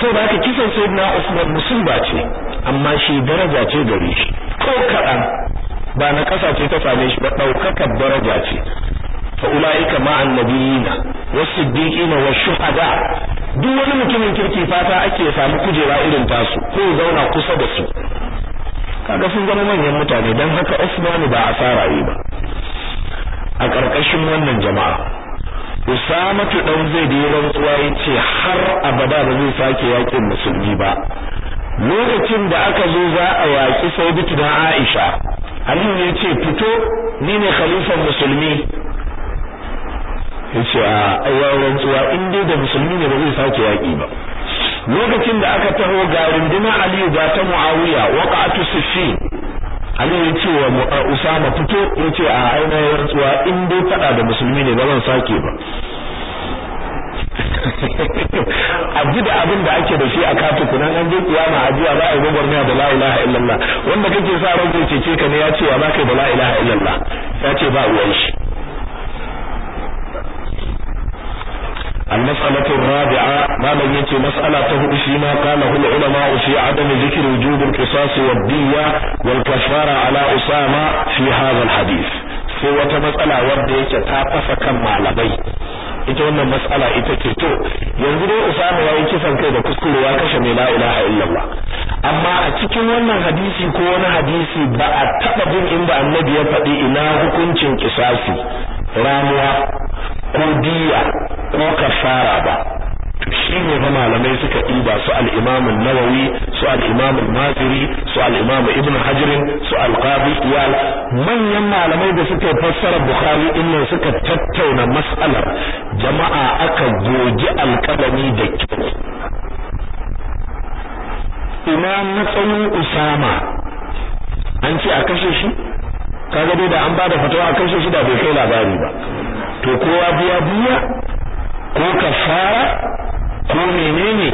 sau da haka kisan sai na usman ba ce amma shi daraja ce gare shi ko kaɗan ba na ƙasa ce ta same shi ba ɗaukakar daraja ce fa ula'ika ma'an nabiyina wasu diƙina wa shuhada duk wani mutumin kirki fata ake samu kujera irin tasu ko zauna kusa da su kaga sun zama manyan mutane don haka usmanu ba a yi ba a ƙarƙashin wannan jama'a usama ɗan dan zai da rantsuwa yace har abada ba zai sake yakin musulmi ba lokacin da aka zo za a yaki sayyidatu da aisha Ali aliyu yace fito ni ne khalifan musulmi yace a ayyawan rantsuwa in dai da musulmi ne ba zai sake yaki ba lokacin da aka taho garin rundunar aliyu ba ta muawiya waqa'atu siffin Ali ya ce wa Usama fito ya ce a aina rantsuwa in dai fada da musulmi ne ba zan sake ba a da abin da ake da shi a kafin kunan an je kiyama a jiya za a yi gwagwarmaya da la illallah wanda kake sa ran zai cece ka ne ya ce wa za ka yi da la illallah ya ce ba uwan shi المسألة الرابعة ما لم يتي مسألة تهد فيما قاله العلماء في عدم ذكر وجوب القصاص والدية والكفارة على أسامة في هذا الحديث سوى مسألة ta fasa kan malamai ita wannan matsala ita ce to yanzu dai Usama ya yi kisan kai da kuskure ya kashe mai la ilaha illallah amma a cikin wannan hadisi ko wani hadisi ba a taba bin inda annabi ya faɗi ina hukuncin kisasi ramuwa ko diya ko kafara ba shi ne ba malamai suka ɗiba su al-Imam nawawi su al-Imam maziri su al Ibn Hajar su al-Qadi Iyal manyan malamai da suka fassara Bukhari din suka tattauna mas'alar jama'a aka gogi alkalami da kyau ina matsayin Usama an ce a kashe shi kaga dai da an bada fatawa a kashe shi da bai kai labari ba to kowa biya biya ko kafara ko menene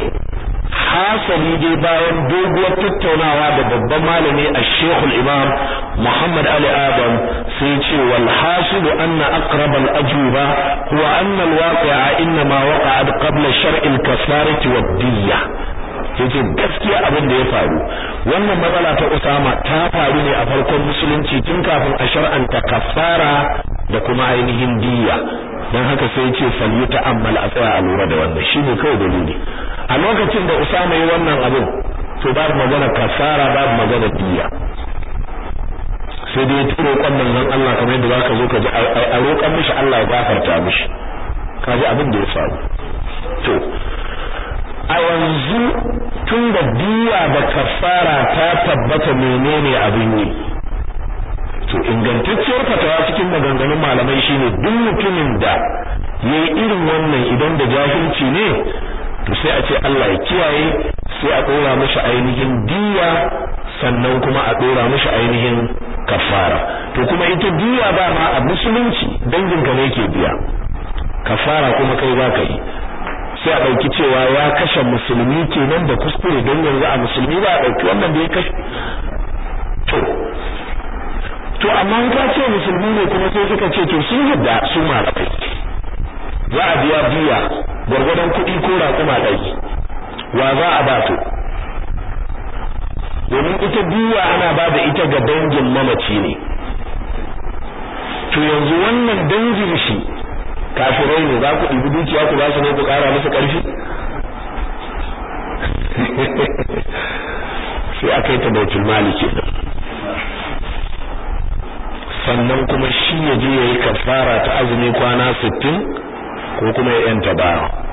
hasali dai bayan doguwar tattaunawa da babban malami a shekul imam muhammad ali adam sai ce wal hasilu anna aqrab al ajwaba huwa anna al waqi'a inna ma waqa'a qabla shar'i kafarati wad diyya yake gaskiya abin da ya faru wannan matsala ta Usama ta faru ne a farkon musulunci tun kafin a shar'anta kafara da kuma ainihin diya dan haka sai yace ta ammal a tsaya a lura da wannan shine kawai dalili a lokacin da Usama yi wannan abin to babu magana kafara babu magana diya sai dai turo kan nan Allah kamar yadda zaka zo ka ji a roƙan mishi Allah ya gafarta mishi kaji abin da ya faru to a yanzu tun da diya da kafara ta tabbata menene abin yi to ingantacciyar fatawa cikin maganganun malamai shine duk mutumin da yayi irin wannan idan da jahilci ne to sai a ce Allah ya kiyaye sai a dora mishi ainihin diya sannan kuma a dora mishi ainihin kafara to kuma ita diya ba ma a musulunci dangin ka ne ke biya kafara kuma kai za ka yi sai a ɗauki cewa ya kashe musulmi kenan da kuskure don yanzu a musulmi ba a ɗauki wannan da ya kashe to to amma ka ce musulmi ne kuma sai suka ce to sun yadda su ma malamai za a biya biya gwargwadon kuɗi ko raƙuma ɗari wa za a ba to domin ita biya ana ba da ita ga dangin mamaci ne to yanzu wannan dangin shi kafirai ne za ku ɗibi dukiya ku ba su ne ku ƙara musu ƙarfi sai aka yi ta baitul maliki. sannan kuma shi ya je ya yi kafara ta azumi kwana sittin ko kuma ya yanta bawa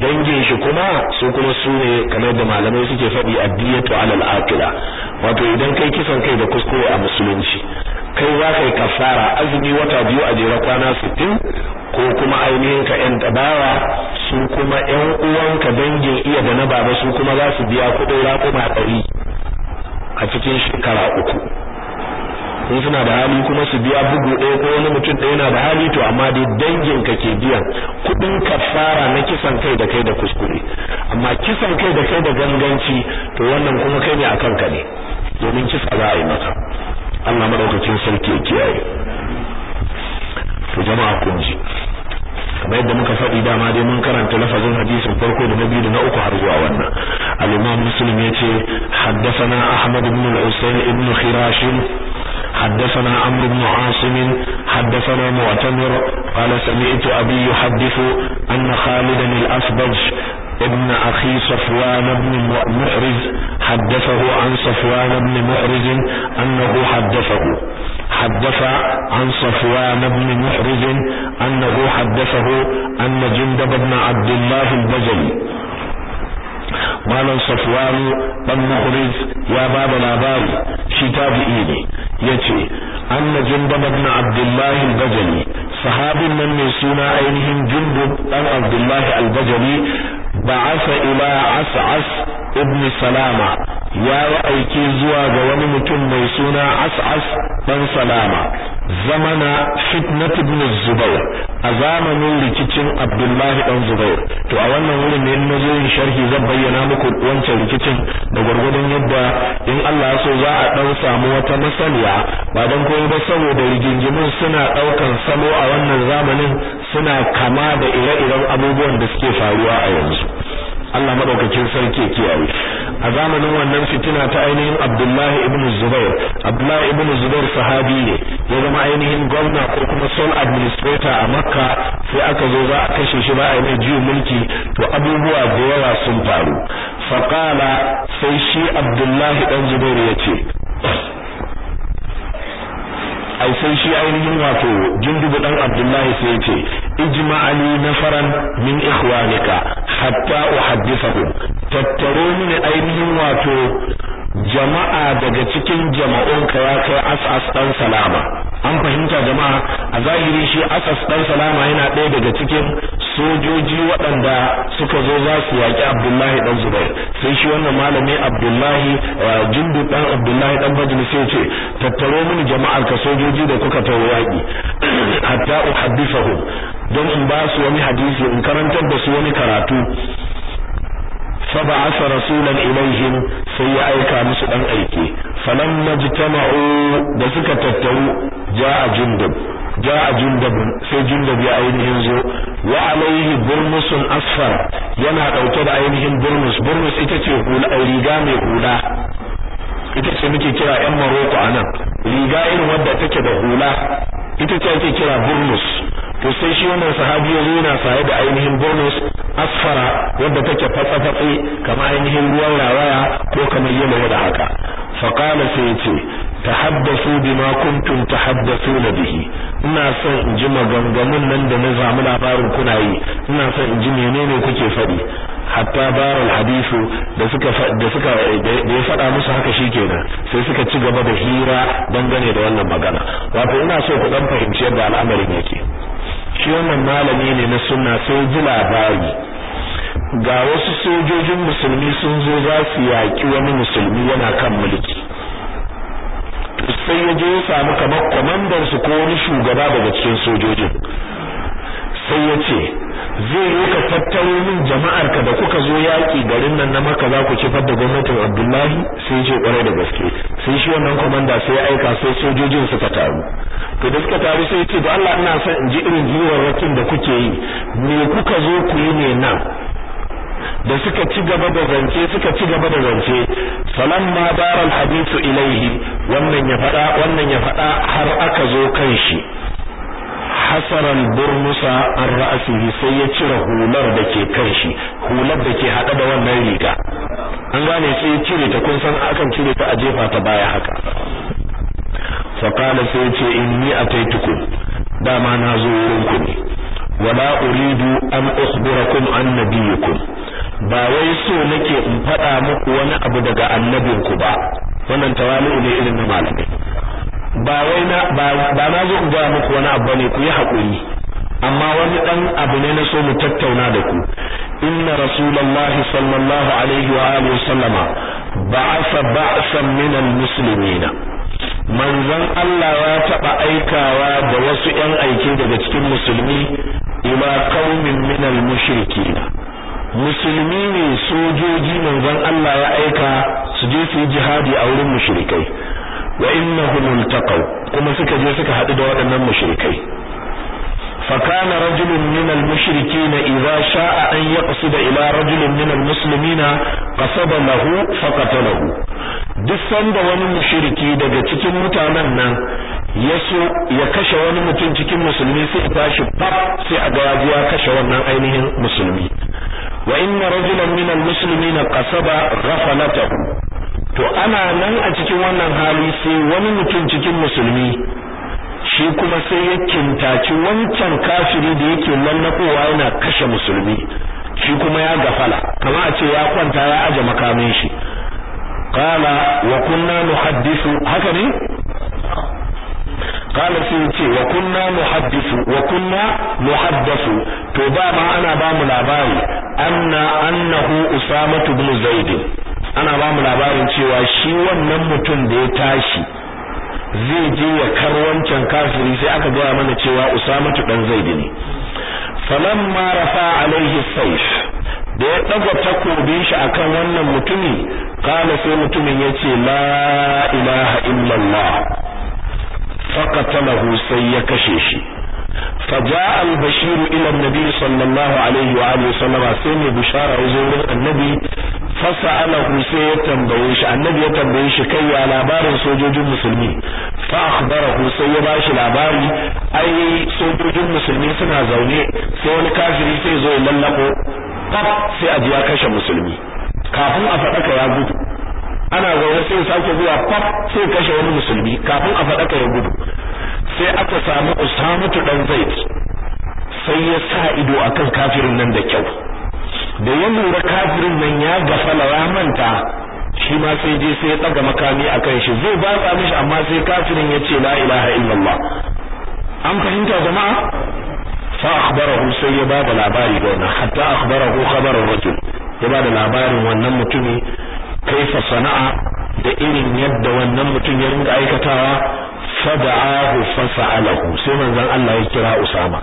dangin shi kuma su kuma su ne kamar da malamai suke faɗi addiyatu alal aqila wato idan kai kisan kai da kuskure a musulunci kai za ka yi kafara azumi wata biyu a jera kwana sittin ko kuma ainihin ka yan tabawa su kuma yan uwanka dangin iya da na baba su kuma za su biya kuɗin raƙuma ɗari a cikin shekara uku in suna da hali kuma su biya bugu ɗaya ko wani mutum ɗaya na da hali to amma dai dangin ka ke biyan kuɗin kafara na kisan kai da kai da kuskure amma kisan kai da kai da ganganci to wannan kuma kai ne akan ka ne domin kisa za a yi maka Allah madaukakin sarki ya kiyaye to jama'a kunji. ji kamar yadda muka faɗi dama dai mun karanta lafazin hadisin farko da na biyu da na uku har zuwa wannan al-Imam Muslim yace haddathana Ahmad ibn al-Husayn ibn Khirash حدثنا عمرو بن عاصم حدثنا معتمر قال سمعت أبي يحدث أن خالدا الأسبج ابن أخي صفوان بن محرز حدثه عن صفوان بن محرز أنه حدثه حدث عن صفوان بن محرز أنه حدثه أن جندب بن عبد الله البجلي malam safwanu dan muhriz ya ba da labari shi tabi'i ne yace anna jundub ibn abdullah al-bajali sahabin nan mai suna ainihin jundub dan abdullah al-bajali ba'asa ila as'as ibn salama ya aiki zuwa ga wani mutum mai suna as'as dan salama zamana fitnat ibn zubair a zamanin rikicin abdullahi dan zubair to a wannan wurin ne na zo yin sharhi zan bayyana muku wancan rikicin da gwargwadon yadda in Allah so za a dan samu wata masaliya ba dan koyi ba saboda rigingimin suna daukan salo a wannan zamanin suna kama da ire-iren abubuwan da suke faruwa a yanzu Allah madaukakin sarki ya kiyaye a zamanin wannan fitina ta ainihin Abdullahi ibn Zubair Abdullahi ibn Zubair sahabi ne ya zama ainihin gwamna ko kuma sole administrator a Makka sai aka zo za a kashe shi ba a mai jiyo mulki to abubuwa da yawa sun faru faqala sai shi Abdullahi dan Zubair ya ce ai sai shi ainihin wato jindubu dan abdullahi sai ya ce ijma ali nafaran min ikhwanika hatta uhaddithakum tattaro mini ainihin wato jama'a daga cikin jama'unka ya kai as'as dan salama an fahimta jama'a a zahiri shi as'as dan salama yana ɗaya daga cikin sojoji waɗanda suka zo za su yaƙi abdullahi dan zubair sai shi wannan malami abdullahi eh, jindu dan abdullahi dan bajin sai ce tattaro mini jama'ar ka sojoji da kuka tawo yaƙi hatta uhaddithahu don in ba su wani hadisi in karantar da su wani karatu fa ba'asa rasulan ilaihim sai ya aika musu dan aike falamma jitama'u da suka tattaru ja'a jundub ja'a jundub sai zo wa alaihi burnusun asfar yana dauke da ainihin burnus burnus ita ce riga mai hula ita ce muke kira yan maroko anan riga irin wadda take da hula ita ce ake kira burnus to sai shi wannan sahabi ya yana saye da ainihin bonus asfara wadda take fatsa-fatsi kama ainihin ruwan rawaya ko kamar yelo da haka qala sai yace tahaddasu bima kuntum tahaddasuna bihi ina son in ji maganganun nan da na zamu labarin kuna yi ina son in ji menene kuke faɗi hatta al hadisu da suka da suka da ya faɗa musu haka shikenan sai suka ci gaba da hira dangane da wannan magana wato ina so ku dan fahimci yadda al'amarin yake shi wannan malami ne na sunna sai ji labari ga wasu sojojin musulmi sun zo za su yaƙi wani musulmi yana kan mulki sai ya je ya samu kamar kwamandarsu ko wani shugaba daga cikin sojojin sai ya ce zai yi ka tattaro min jama'ar ka da kuka zo yaki garin nan na maka za ku kifar da gwamnatin abdullahi sai ce kwarai da gaske sai shi wannan komanda sai aika sai sojojin suka taru to da suka taru sai ce to Allah ina son in ji irin rakin da kuke yi me kuka zo ku yi ne nan da suka ci gaba da zance suka ci gaba da zance ma daral hadithu ilaihi wannan ya fada wannan ya fada har aka zo kan shi hasaran burmusa an ra'asihi sai ya cire hular da ke kan shi hular da ke haɗa da wannan riga an gane sai ya cire ta kun san akan cire ta a jefa ta baya haka fa sai ce in ce inni ataitukum dama na zo wurin ku ne wala uridu an ukhbirakum an nabiyikum ba wai so nake in faɗa muku wani abu daga annabinku ba wannan tawali'u ne irin na malamai ba wai na ba na zo in gaya muku wani abu ne ku yi haƙuri amma wani ɗan abu ne na so mu tattauna da ku inna rasulullahi sallallahu alaihi wa alihi wa sallama ba'asa ba'san min al-muslimina manzon Allah ya taɓa aikawa da wasu ‘yan aike daga cikin musulmi ila kaumin minal mushrikina musulmi ne sojoji manzon Allah ya aika su je su yi jihadi a wurin mushrikai wa innahum iltaqaw kuma suka je suka haɗu da waɗannan mushrikai فكان رجل من المشركين إذا شاء أن يقصد إلى رجل من المسلمين قصد له فقتله دسان da wani mushriki daga cikin mutanen nan ya kashe wani mutum cikin musulmi su ya tashi fab sai a ga ya kashe wannan ainihin musulmi wa inna rajulan min almuslimina qasaba ghafalatahu to ana nan a cikin wannan hali sai wani mutum cikin musulmi shi kuma sai ya kintaci wancan kafiri da yake lallakowa yana kashe musulmi shi kuma ya gafala kamar a ce ya kwanta ya aje makamin shi qala wa kunna muhaddisu haka ne qala sai ce wa kunna muhaddisu wa kunna muhaddisu to ba ma ana ba mu labari anna annahu usama ibn zaid ana ba mu labarin cewa shi wannan mutum da ya tashi zai je ya kar wancan kafiri sai aka gaya mana cewa usamatu dan zaidi ne ma rafa alaihi sayf da ya daga takobin shi akan wannan mutumin kana sai mutumin yace la ilaha illallah faqatalahu sai ya kashe shi فجاء البشير إلى النبي صلى الله عليه وآله وسلم سيم بشارة وزور النبي فسأله سيتم تنبويش النبي يتم بيش كي على بار سوجوج المسلمين فأخبره سيباش العباري أي سوجوج المسلمين سنها زوني سيولي كافري سيزو يللقو قط سيأجيا كش مسلمي كافن أفتك يا جدو ana زوني sai sake zuwa kwaf sai kashe wani musulmi kafin a faɗaka ya sai aka samu usamatu dan zait sai ya sa ido akan kafirin nan da kyau da ya lura kafirin nan ya gafala ya manta shi ma sai je sai ya tsaga makami akan shi zai ba sa mishi amma sai kafirin ya ce la ilaha illallah an fahimta jama'a fa akhbarahu sai ya ba da labari ga wannan hatta akhbarahu khabarar rajul ya ba da labarin wannan mutumi kaifa sana'a da irin yadda wannan mutum ya rinka aikatawa fada'ahu fas'alahu sai manzon Allah ya kira Usama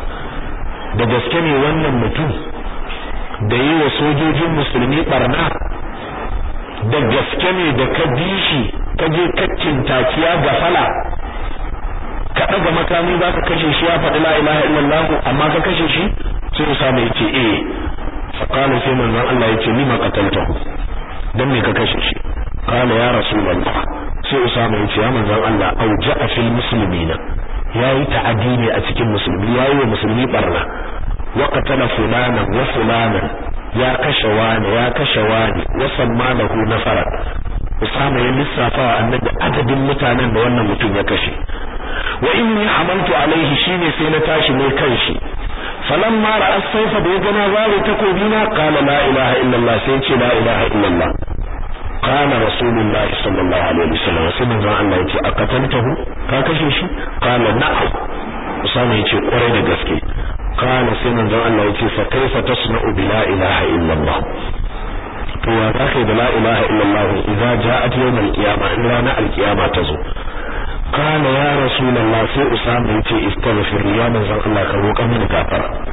da gaske ne wannan mutum da yi wa sojojin musulmi barna da gaske ne da kadishi kaje ka je kaccin takiya gafala ka daga makami za ka kashe shi ya faɗi la ilaha illallah amma ka kashe shi sai Usama ya ce eh fa sai manzon Allah ya ce ni ma qataltahu dan me ka kashe shi qala ya rasulullah sai usama ya ce ya manzon Allah auja'a fil ya yayi ta'adi ne a cikin musulmi yi wa musulmi barna wa qatala fulanan wa fulanan ya kashe wani ya kashe wani wa sammalahu nafara usama ya lissafa wa annabi adadin mutanen da wannan mutum ya kashe wa inni hamaltu alaihi shine sai na tashi ne kanshi falamma ra'a saifa da ya gana zare takobi na qala la ilaha illallah sai ce la ilaha illallah qala rasulullah sallallahu alaihi wasallam sai manzo Allah yace aqataltahu ka kashe shi qala na'am usama yace kwarai da gaske qala sai manzo Allah yace fa kaifa tasna'u bi la ilaha illa Allah to ya zaka da la ilaha illa Allah idza ja'at yawm al-qiyamah in rana al-qiyamah tazo qala ya rasulullah sai usama yace istaghfir ya manzo Allah ka roƙa mini gafara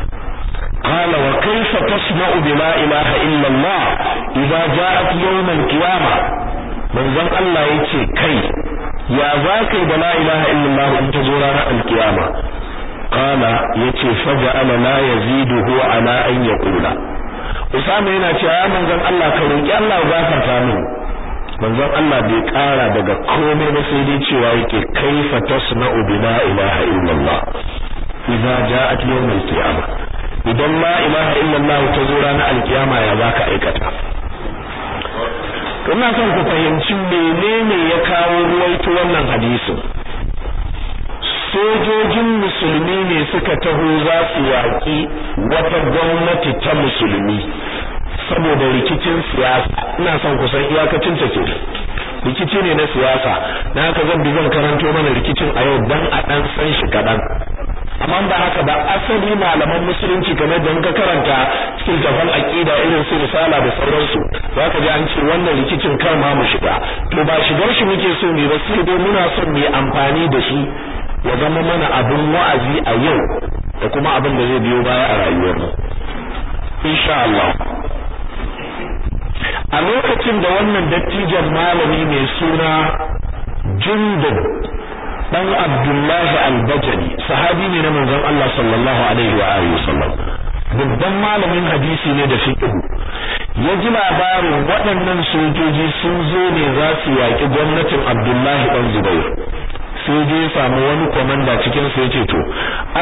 قال وكيف تسمع بما إله إلا الله إذا جاءت يوم القيامة من ذن الله يتي كي يا ذاك لا إله إلا الله أن تزورنا القيامة قال يتي فجأنا لا هو على أن يقول Usama yana cewa ya zan Allah ka roki Allah ya gafarta min manzon Allah bai kara daga komai ba sai dai cewa yake kaifa tasma'u bima ilaha illallah idza ja'at yawm al-qiyamah idan ma ilaha illallah ta zo ranar alkiyama ya zaka aikata ina son ku fahimci menene ya kawo ruwaito wannan hadisin sojojin musulmi ne suka taho za su yaƙi wata gwamnati ta musulmi saboda rikicin siyasa ina son ku san iyakacin ta ke rikici ne na siyasa na haka zan bi zan karanto mana rikicin a yau dan a dan san shi kadan amma ba haka ba asali malaman musulunci kamar da muka karanta cikin tafan aqida irin su risala da sauransu za ka ji an ce wannan rikicin kar ma mu shiga to ba shigar shi muke so ne ba sai dai muna son mu amfani da shi ya zama mana abin wa'azi a yau da kuma abin da zai biyo baya a rayuwar mu insha Allah a lokacin da wannan dattijan malami mai suna jundun dan Abdullahi al sahabi ne na manzon Allah sallallahu alaihi wa alihi wasallam babban malamin hadisi ne da fiqh ya ji labarin waɗannan sojoji sun zo ne za su yaƙi gwamnatin Abdullahi dan Zubair sai je samu wani komanda cikin su yace to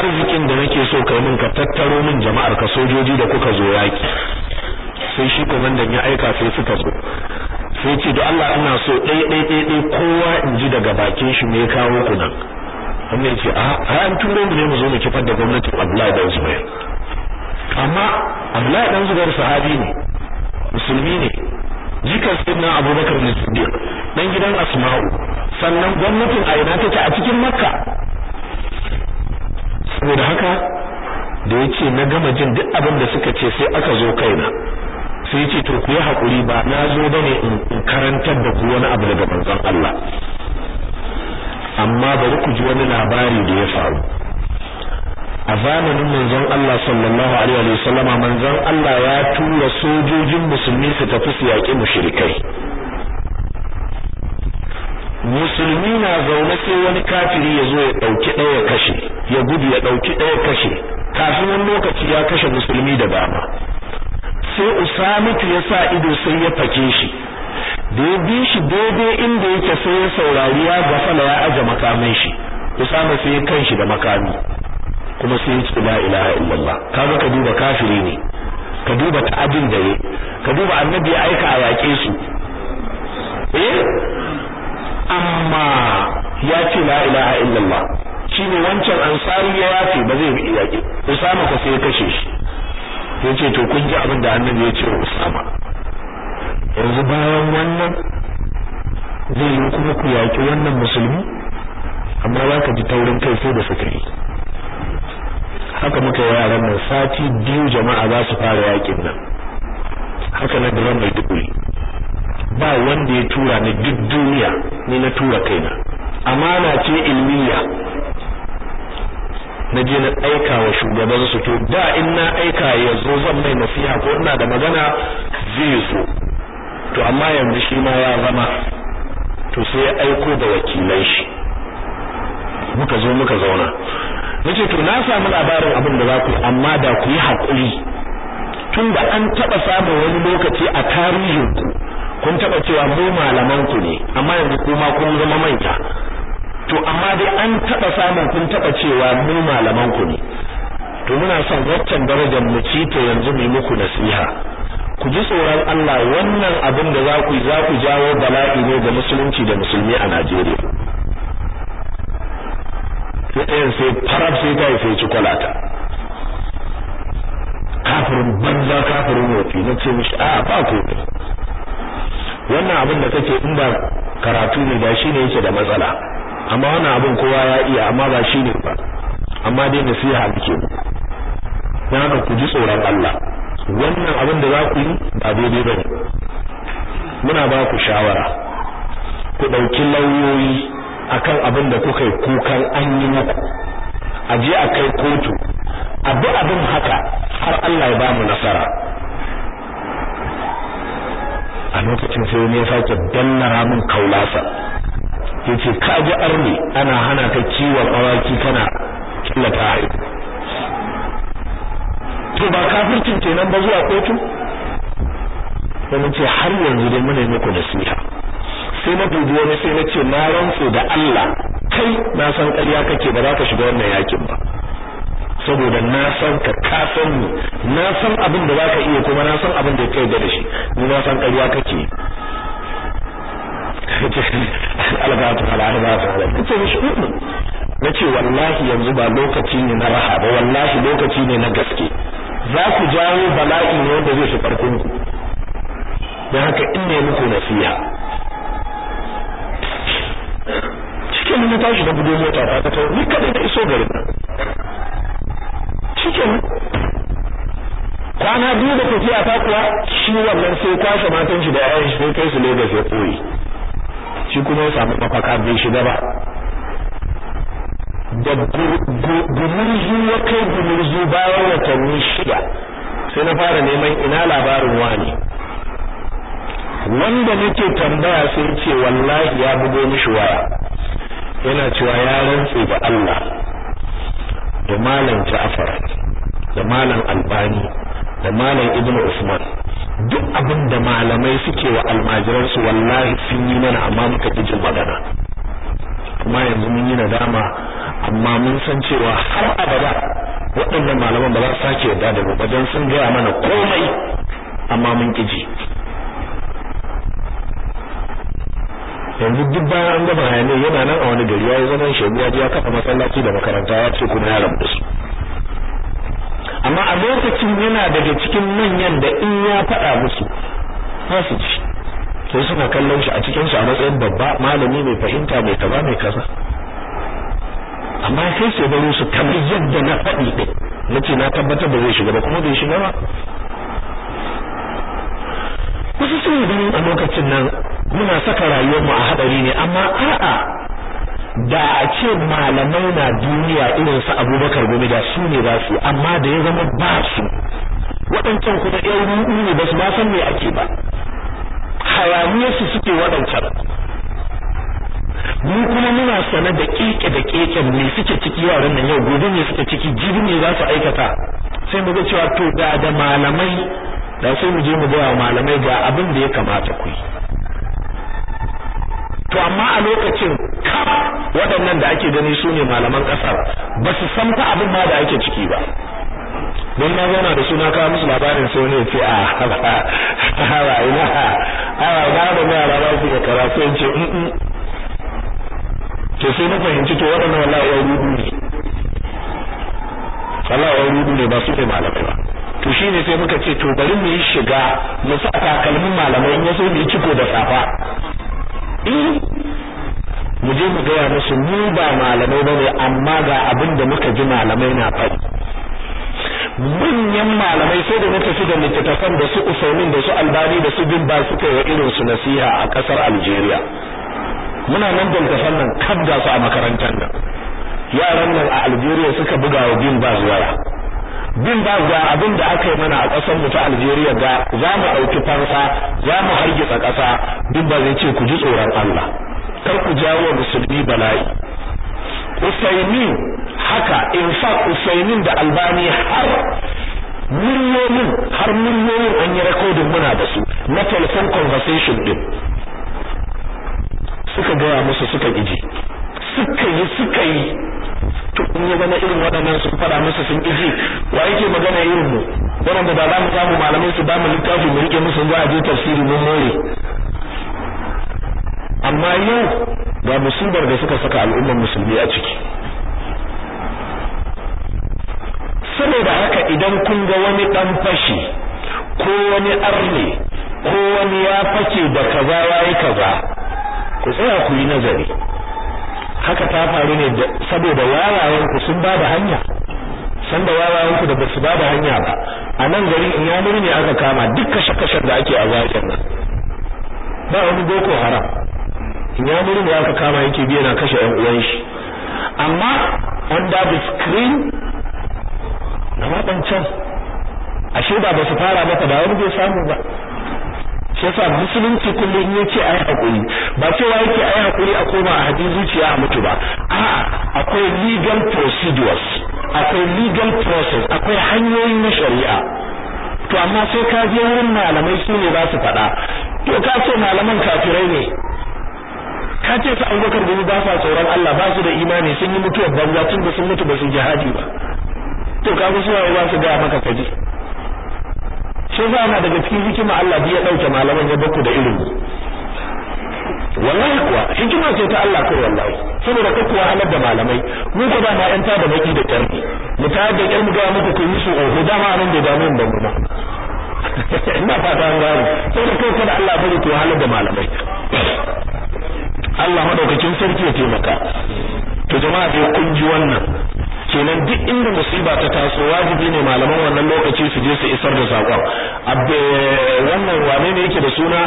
arzikin da nake so kai min ka tattaro min jama'ar ka sojoji da kuka zo yaƙi sai shi komandan ya aika sai suka zo sai ce da Allah ina so ɗaya kowa in ji daga bakin shi me kawo ku nan ya ce a an turo mu ne mu zo mu kifar da gwamnatin Abdullahi dan Zubair amma Abdullahi dan Zubair sahabi ne musulmi ne jikan sayyidina Abubakar ne Siddiq dan gidan Asma'u sannan gwamnatin a ina take a cikin Makka saboda haka da yace na gama jin duk abin da suka ce sai aka zo kaina sai ce to ku yi hakuri ba na zo bane in karantar da ku wani abu daga manzon Allah amma bari ku ji wani labari da ya faru a zamanin manzon Allah sallallahu alaihi wa sallama manzon Allah ya tura sojojin musulmi su tafi su yaƙi mushrikai musulmi na zaune sai wani kafiri ya zo ya ɗauki ɗaya kashe ya gudu ya ɗauki ɗaya kashe kafin wani lokaci ya kashe musulmi da dama sai usamatu ya sa ido sai ya fake shi da ya bi shi daidai inda yake sai ya saurari ya gafala ya aje makamai shi usama sai ya kan shi da makami kuma sai ya ce la ilaha illallah kaga ka duba kafiri ne ka duba ta abin da ya ka duba annabi ya aika a yaƙe su eh amma ya ce la ilaha illallah shine wancan ansari ya yafe ba zai bi yaƙe usama ka sai ya kashe shi ya ce to kun ji abin da annabi ya ce wa usama yanzu bayan wannan zai yi kuma ku yaƙi wannan musulmi amma za ka ji taurin kai sai da fikiri haka muka yi yaran nan sati biyu jama'a za su fara yaƙin nan haka na duran mai duburi ba wanda ya tura ni duk duniya ni na tura kaina amana ce ilmiya na je na aika wa shugaban su to da in na aika yanzu zan mai nasiha ko ina da magana zai so to amma yanzu shi ma ya zama to sai ya aiko da wakilai shi muka zo muka zauna nace to na samu labarin abin da za ku amma da ku yi hakuri tun da an taba samun wani lokaci a tarihin ku kun taba cewa mu malaman ku ne amma yanzu kuma kun zama manta to amma dai an taɓa samun kun taɓa cewa mu malaman ku ne to muna son waccan darajar mu ci to yanzu mu muku nasiha ku ji tsoron Allah wannan abin da za ku za ku jawo bala'i ne ga musulunci da musulmi a Najeriya sai sai farab sai ta sai chocolate kafirin banza kafirin wofi na ce mishi a ba ku wannan abin da kake in karatu ne da shi ne yake da matsala amma wannan abin kowa ya iya amma ba shi ne ba amma dai nasiha halice dan haka ku ji tsoron Allah wannan abin da za ku yi ba daidai ba muna ba ku shawara ku ɗauki lauyoyi akan abin da kuka yi kukan an yi muku a je a kai kotu a bi abin haka har Allah ya ba mu nasara a lokacin sai ne ya sake danna ramin kaulasa yace ka ji arni ana hana ka ciwon awaki kana killata haihu to ba kafircin nan ba zuwa kotu sai ce har yanzu dai muna muku nasiha sai na dubi wani sai na ce na rantsu da Allah kai na san ƙarya kake ba za ka shiga wannan yakin ba saboda na san ka ka ni na san abin da zaka iya kuma na san abin da kai da shi ni na san ƙarya kake alga ta ba ta al'ada kace mishi na ce wallahi yanzu ba lokaci ne na raha ba wallahi lokaci ne na gaske za ku jawo bala'i ne wanda zai shi farkon ku don haka in ne muku nasiha cikin na tashi na gudu mota ta ta tauri kadai da iso garin nan cikin kwana biyu da tafiya ta kuwa shi wannan sai kwashe matan shi da yayan shi sai kai su Lagos ya koyi shi kuma ya samu mafaka bai shiga ba da gumurzu ya kai gumurzu bayan watanni shida sai na fara neman ina labarin wani wanda nake tambaya sai ce wallahi ya bugo mishi waya yana cewa ya rantse da Allah da malam Ja'far da malam Albani da malam ibn usman duk abin da malamai suke wa almajiransu wallahi sun yi mana amma muka ji magana kuma yanzu mun yi nadama amma mun san cewa har abada waɗannan malaman ba za su sake yadda da mu wajen sun gaya mana komai amma mun ki yanzu duk bayan an gama hayaniyar yana nan a wani gari ya yi zaman shaibu ya kafa masallaci da makaranta ya ce kuma ya rabu da su amma a lokacin yana daga cikin manyan da in ya faɗa musu za su ci sai suka kallon shi a cikin shi a matsayin babba malami mai fahimta mai kaza mai kaza amma sai su baro su kamar yadda na faɗi ɗin na ce na tabbatar da zai shiga ba kuma bai shiga ba wasu sun ganin a lokacin nan muna saka rayuwarmu a haɗari ne amma a'a da a ce malamai na duniya irin su abubakar gumi da su ne ba su amma da ya zama ba su waɗancan kuma ɗan ruɗu ne ba su ba san me ake ba su suke waɗancan mu kuma muna sane da keke da keken ne suke ciki yaran nan yau gobe ne suke ciki jibi ne za su aikata sai mu ga cewa to da da malamai da sai mu je mu ga malamai ga abin da ya kamata kui. to amma a lokacin kaf waɗannan da ake gani su ne malaman ƙasar ba su san fa abin ma da ake ciki ba don na zauna da suna kawo musu labarin sai wani ya ce ah, a hawa ina hawa ina da mai alama su ga kara sai in to sai na fahimci to waɗannan wallahi ya rudu ne wallahi ya rudu ne ba su ne malamai ba to shi ne sai muka ce to bari mu yi shiga mu sa takalmin malamai in yaso mu yi ciko da safa eh mu je mu gaya musu mu ba malamai ba bane amma ga abin da muka ji malamai na faɗi manyan malamai sai da na tafi da littattafan da su usaimin da su albani da su bin ba suka yi irin su nasiha a ƙasar algeria muna nan daltafan nan kaf ga su a makarantar nan yaran nan a algeria suka buga wa bin ba waya bin ba ga abin da aka yi mana a ƙasar mu ta Algeria ga za mu ɗauki fansa za mu hargitsa ƙasa duk ba zai ce ku ji tsoron Allah kar ku jawo musulmi bala'i usaini haka in fa usaimin da albani har miliyoyin har miliyoyin an yi rekodin muna da su na telefon conversation din suka gaya musu suka gije suka yi suka yi to in yi zama irin waɗannan sun faɗa musu sun gije wa yake magana irin mu da ba za mu samu malamai su ba mu littafi mu rike musu za a je tafsiri mun more amma yau ga musibar da suka saka al'ummar musulmi a ciki saboda haka idan kun ga wani dan fashi ko wani arne ko wani ya fake da kaza yayi kaza ku tsaya ku yi nazari haka ta faru ne saboda ku sun bada hanya san da ku da basu ba da hanya ba a nan garin ya murne aka kama duk kashe-kashen da ake a zakin nan ba wani boko haram ya muri ne aka kama yake biya na kashe yan uwan shi amma under the screen gaba dan can ashe ba su fara maka da wani bai samu ba shi yasa musulunci kullum ya ke hakuri ba cewa yake ayi hakuri a koma a hadin zuciya a mutu ba a'a akwai legal procedures akwai legal process akwai hanyoyi na shari'a to amma sai ka je wurin malamai su ne za su faɗa to ka ce malaman kafirai ne ka ce su abubakar gumi ba sa tsoron Allah ba su da imani sun yi mutuwar banza tun da sun mutu ba su jihadi ba to ka ga suna ba su gaya maka kaji shi za na daga cikin hikima Allah ya ɗauke malaman ya bakku da ilimi wallahi kuwa hikima ce ta Allah kai wallahi saboda ka kuwa halar da malamai mu ko ba ma yan ta da baki da tarbi mu ta da kyar mu ga muku ku yi su da dama anan da damu da mu ba ina fata an gani sai kai kada Allah bari ku halar da malamai Allah madaukakin sarki ya taimaka to jama'a dai kun ji wannan kenan duk inda musiba ta taso wajibi ne malaman wannan lokaci su je su isar da sako abbe wannan wane ne yake da suna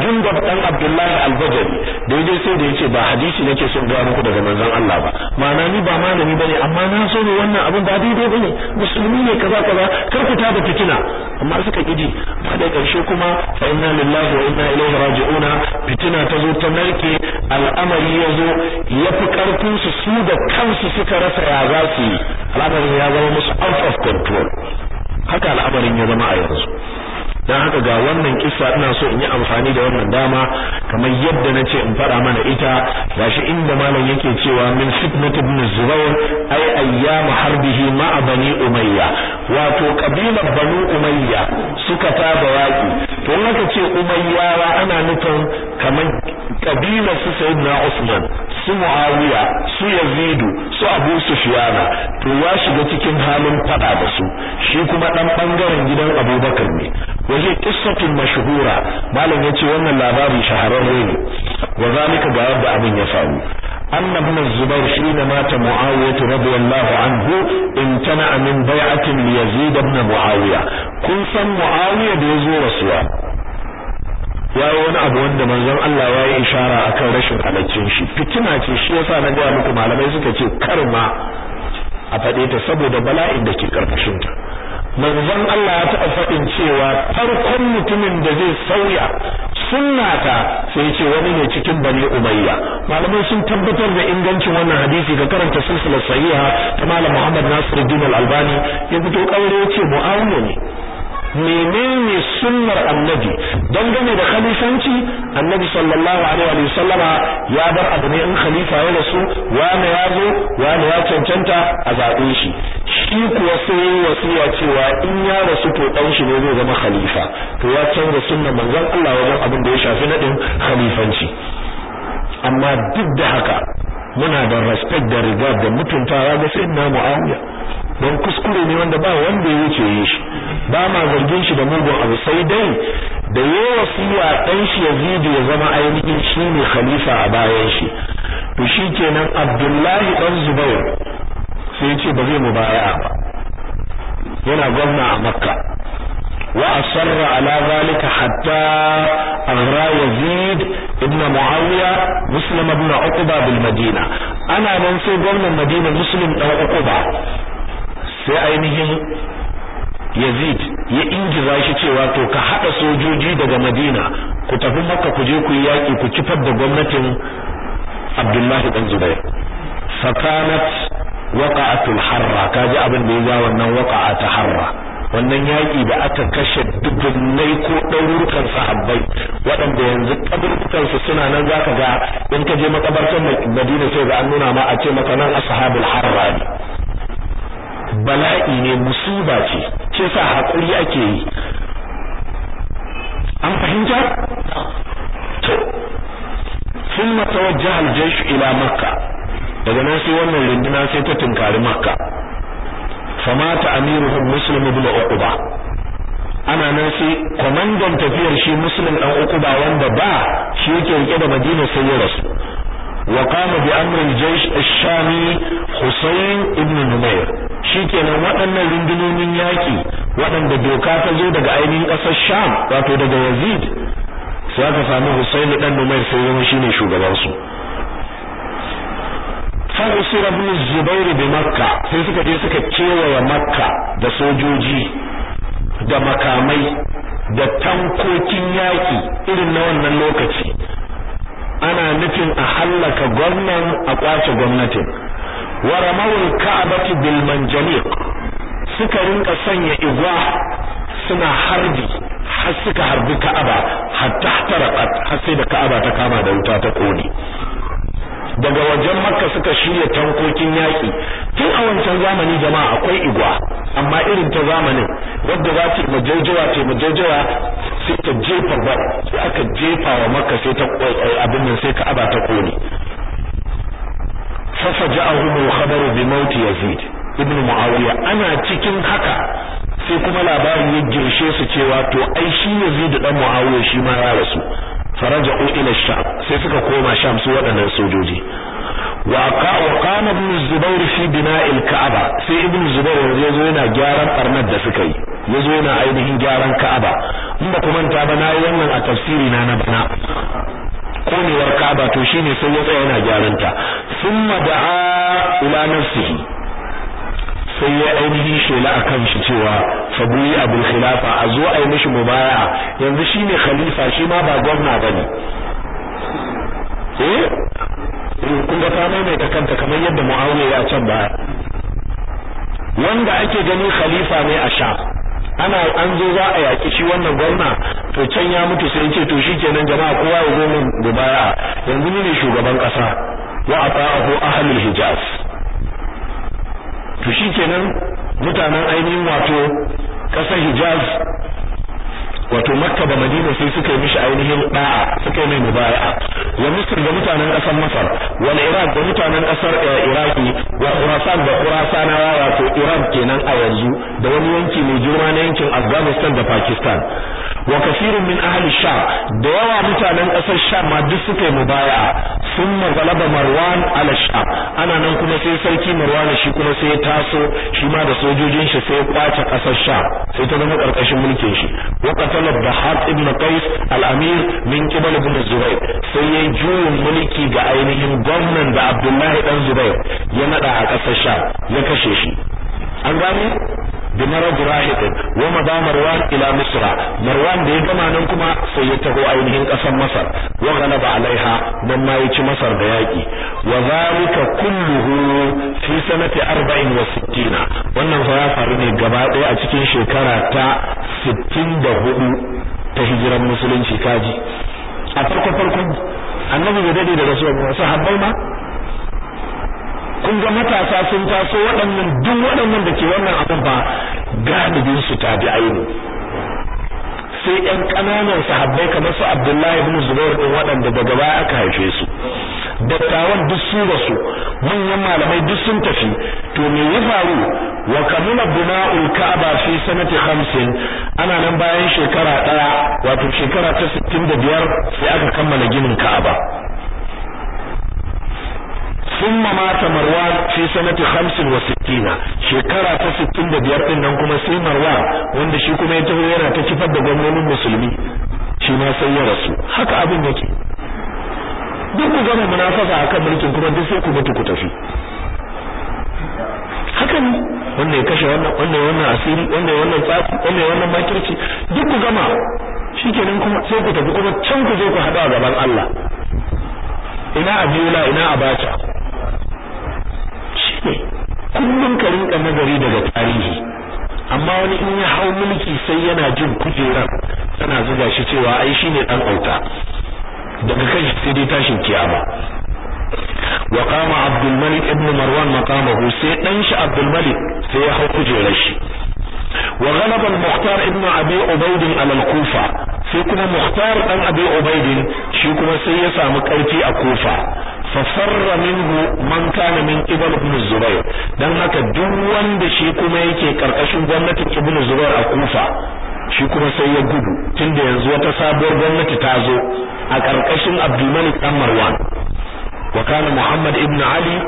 Jundab dan Abdullahi Al-Bajali daidai sai da yake ba hadisi nake son ga muku daga manzon Allah ba ma'ana ni ba malami bane amma na so ne wannan abin ba daidai bane musulmi ne kaza kaza kar ku da fitina amma suka kidi da ƙarshe kuma fa inna lillahi wa inna ilaihi fitina ta zo ta narke al'amari ya zo ya fi karfin su su da kansu suka rasa ya za su yi al'amarin ya zama musu out of control haka al'amarin ya zama a yanzu dan haka ga wannan kisa ina so in yi amfani da wannan dama kamar yadda na ce in fara mana ita gashi inda malam yake cewa min fitnat ibn zubair ay ayyam harbihi ma bani umayya wato kabilar banu umayya suka tada waki to in aka ce wa ana nufin kamar kabilar su sayyidina usman su muawiya su yazidu su abu sufyana to ya shiga cikin halin fada da su shi kuma dan bangaren gidan abubakar ne hi qissatun mashhura malam ya ce wannan labarin shahararre ne wa zalika ga yadda abin ya faru أن ابن الزبير حين مات معاوية رضي الله عنه امتنع من بيعة ليزيد بن معاوية كن سن معاوية بيزو رسوا ya zo wa wani abu wanda manzon Allah ya yi ishara akan rashin halaccin shi fitina ce shi yasa na ga muku malamai suka ce karma a fade saboda bala'in da ke karkashin manzon Allah ya taɓa faɗin cewa farkon mutumin da zai sauya sunnata sai ce wani ne cikin bani umayya malamai sun tabbatar da ingancin wannan hadisi ga karanta silsilar sahiha ta malam Muhammad Nasiruddin Al-Albani ya fito kaure ya ce mu'awiya ne menene sunnar annabi don game da khalifanci annabi sallallahu alaihi wa sallama ya bar abu ne in khalifa ya rasu wani ya zo wani ya cancanta a zaɓe shi shi kuwa sai wasiya cewa in ya rasu to dan shi ne zai zama khalifa to ya canza sunnar manzon Allah wajen abin da ya shafi naɗin khalifanci amma duk da haka muna da respect da riga da mutuntawa ga sayyidina Muawiya don kuskure ne wanda ba wanda ya wuce yi shi ba ma zargin shi da mugun abu sai dai da yi wasiya ɗan shi Yazid ya zama ainihin shi ne khalifa a bayan shi to shi kenan Abdullahi ɗan Zubair sai ya ce ba zai mubaya'a ba yana gwamna a Makka wa asarra ala zalika hatta aghra Yazid ibn Muawiya Muslim ibn Uqba bil Madina ana nan sai gwamnan Madina Muslim dan Uqba sai ainihin yazid ya ingiza shi cewa to ka haɗa sojoji daga madina ku tafi makka ku je ku yi yaƙi ku kifar da gwamnatin abdullahi dan zubair fakanat waqa'atul harra kaji abin da ya ga wannan waqa'atul harra wannan yaƙi da aka kashe dubunnai ko ɗaurukan sahabbai waɗanda yanzu ƙaburbukansu suna nan za ga in ka je makabartar madina sai ga an nuna ma a ce maka nan ashabul harra ne bala'i ne musiba ce ce sa hakuri ake yi an fahimta to thumma tawajjaha al-jaysh ila makka daga nan sai wannan runduna sai ta tunkari makka famata Musulmi muslim ibn uqba ana nan sai kwamandan tafiyar shi muslim dan ukuba wanda ba shi yake rike da madina sai ya rasu وقام بأمر الجيش الشامي حسين ابن نمير shikenan waɗannan rundunonin yaƙi waɗanda doka ta zo daga ainihin ƙasar sham wato daga yazid sai aka samu husaini ɗan numair sai zama shine shugabansu fa usira ibn zubair bi makka sai suka je suka kewaye makka da sojoji da makamai da tankokin yaƙi irin na wannan lokaci ana nufin a hallaka gwamnan a kwace gwamnatin wa ramawul ka'bati bil manjaniq suka rinka sanya igwa suna harbi har suka harbi ka'aba har tarqat har sai da ka'aba ta kama da wuta ta kone daga wajen makka suka shirya tankokin yaƙi tun a wancan zamani jama'a akwai igwa amma irin ta zamanin wadda za ta majaujawa ta majaujawa sai ta jefa ba sai aka jefa wa makka sai ta eh, abin nan sai ka'aba ta kone fasa ja'ahu mu khabaru bi yazid ibn muawiya ana cikin haka sai kuma labarin ya girshe su cewa to ai shi yazid ɗan muawiya shi ma ya rasu faraja'u ila sham sai suka koma shamsu su wadannan sojoji wa kan ibn zubair fi ka'aba sai ibn zubair ya zo yana gyaran ɓarnar da suka yi ya zo yana ainihin gyaran ka'aba ku manta ba na yi wannan a tafsiri na na bana konewar kaba to shine sai ya tsaya yana gyaran ta thumma da'a ila nafsihi sai ya ainihin shela a kan shi cewa fabuyi abul khilafa a zo a yi mishi mubaya yanzu shine khalifa shi ma ba gwamna bane eh kun ga ta maimaita kanta kamar yadda Muawiya ya can ba wanda ake gani khalifa ne a sha ana an zo za a yaki shi wannan gwamna to can ya mutu sai ce to kenan jama'a kowa ya zo min baya yanzu ni ne shugaban kasa wa ata'ahu ahlul hijaz to kenan mutanen ainihin wato kasar hijaz wato makka da madina sai suka yi mishi ainihin da'a suka yi mai mubaya'a wa misr da mutanen ƙasar masar wal iraq da mutanen ƙasar eh, iraki wa khurasan da khurasanawa wato iran kenan a yanzu da wani yanki mai girma na yankin afghanistan da pakistan wa kasirin min ahli sham da yawa mutanen ƙasar sham ma duk suka yi mubaya'a summa galaba marwan ala ana nan kuma sai sarki marwan shi kuma sai ya taso shi ma da sojojin shi sai ya kwace kasar sham sai ta zama karkashin mulkin shi wa qatala bahaq ibn qais al amir min qibal ibn zubayr sai ya juyin mulki ga ainihin gwamnan da abdullahi dan zubayr ya nada a kasar sham ya kashe shi an gane bi marad wa madha marwan ila misra marwan da ya gama nan kuma sai ya taho ainihin kasar masar wa ghalaba alaiha nan ma yaci masar da yaki wa zalika kulluhu fi sanati 64 wannan fa ya faru ne gaba ɗaya a cikin shekara ta 64 ta hijiran musulunci kaji a farko farko annabi bai dade da rasuwa ba sahabbai ma kun ga matasa sun taso waɗannan duk waɗannan da ke wannan abin ba galibin su bi aini sai ɗan ƙananan sahabbai kamar su Abdullahi ibn Zubair din waɗanda daga baya aka haife su dattawan duk sun rasu manyan malamai duk sun tafi to me ya faru wa kamuna bina'ul ka'aba fi sanati hamsin ana nan bayan shekara ɗaya wato shekara ta 65 sai aka kammala ginin ka'aba ثم مات مروان في سنة 65 shekara ta 65 din nan kuma sai Marwan wanda shi kuma ya taho ta kifar da gwamnonin musulmi shi ma sai ya rasu haka abin yake duk ku gama munafasa akan mulkin kuma duk sai ku mutu ku tafi haka wannan ya kashe wannan wannan wannan asiri wannan wannan tsafi wannan wannan makirci duk ku gama shikenan kuma sai ku tafi kuma can ku je ku hada gaban Allah ina abiola ina abacha ne kullum ka rinka nazari daga tarihi amma wani in ya hau mulki sai yana jin kujerar tana zuga shi cewa ai shine dan auta daga kan shi sai dai tashin kiyama wa qama abdul malik ibn marwan maqamahu sai dan shi abdul malik sai ya hau kujerar shi wa ghalaba al muhtar ibn abi ubayd al kufa sai kuma muhtar dan abi ubayd shi kuma sai ya samu karfi a kufa fasarra minhu man kana min qibal ibn zubair dan haka duk wanda shi kuma yake karkashin gwamnatin ibn zubair a kufa shi kuma sai ya gudu tunda yanzu wata sabuwar gwamnati ta zo a karkashin abdulmalik dan marwan وكان محمد ابن علي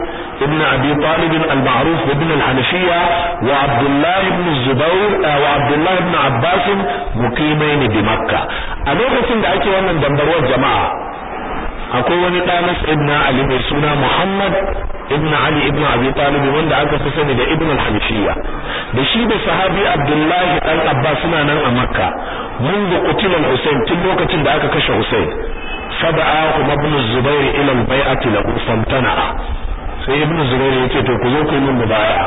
ابن ابي طالب المعروف بابن الحنفية وعبد الله بن الزبير وعبد الله بن عباس مقيمين بمكة a lokacin da ake wannan dambarwar jama'a akwai wani ɗanas ibn ali mai suna muhammad ibn ali ibn abi talib wanda aka fi sani da ibn al-habashiyya da shi da sahabi abdullahi dan abbas suna nan a makka lokacin da aka kashe دعاك sab'a حسين ibn Zubair ila al-bay'ati la فامتنع sai ibn zubair yace to ku zo ku yi mubaya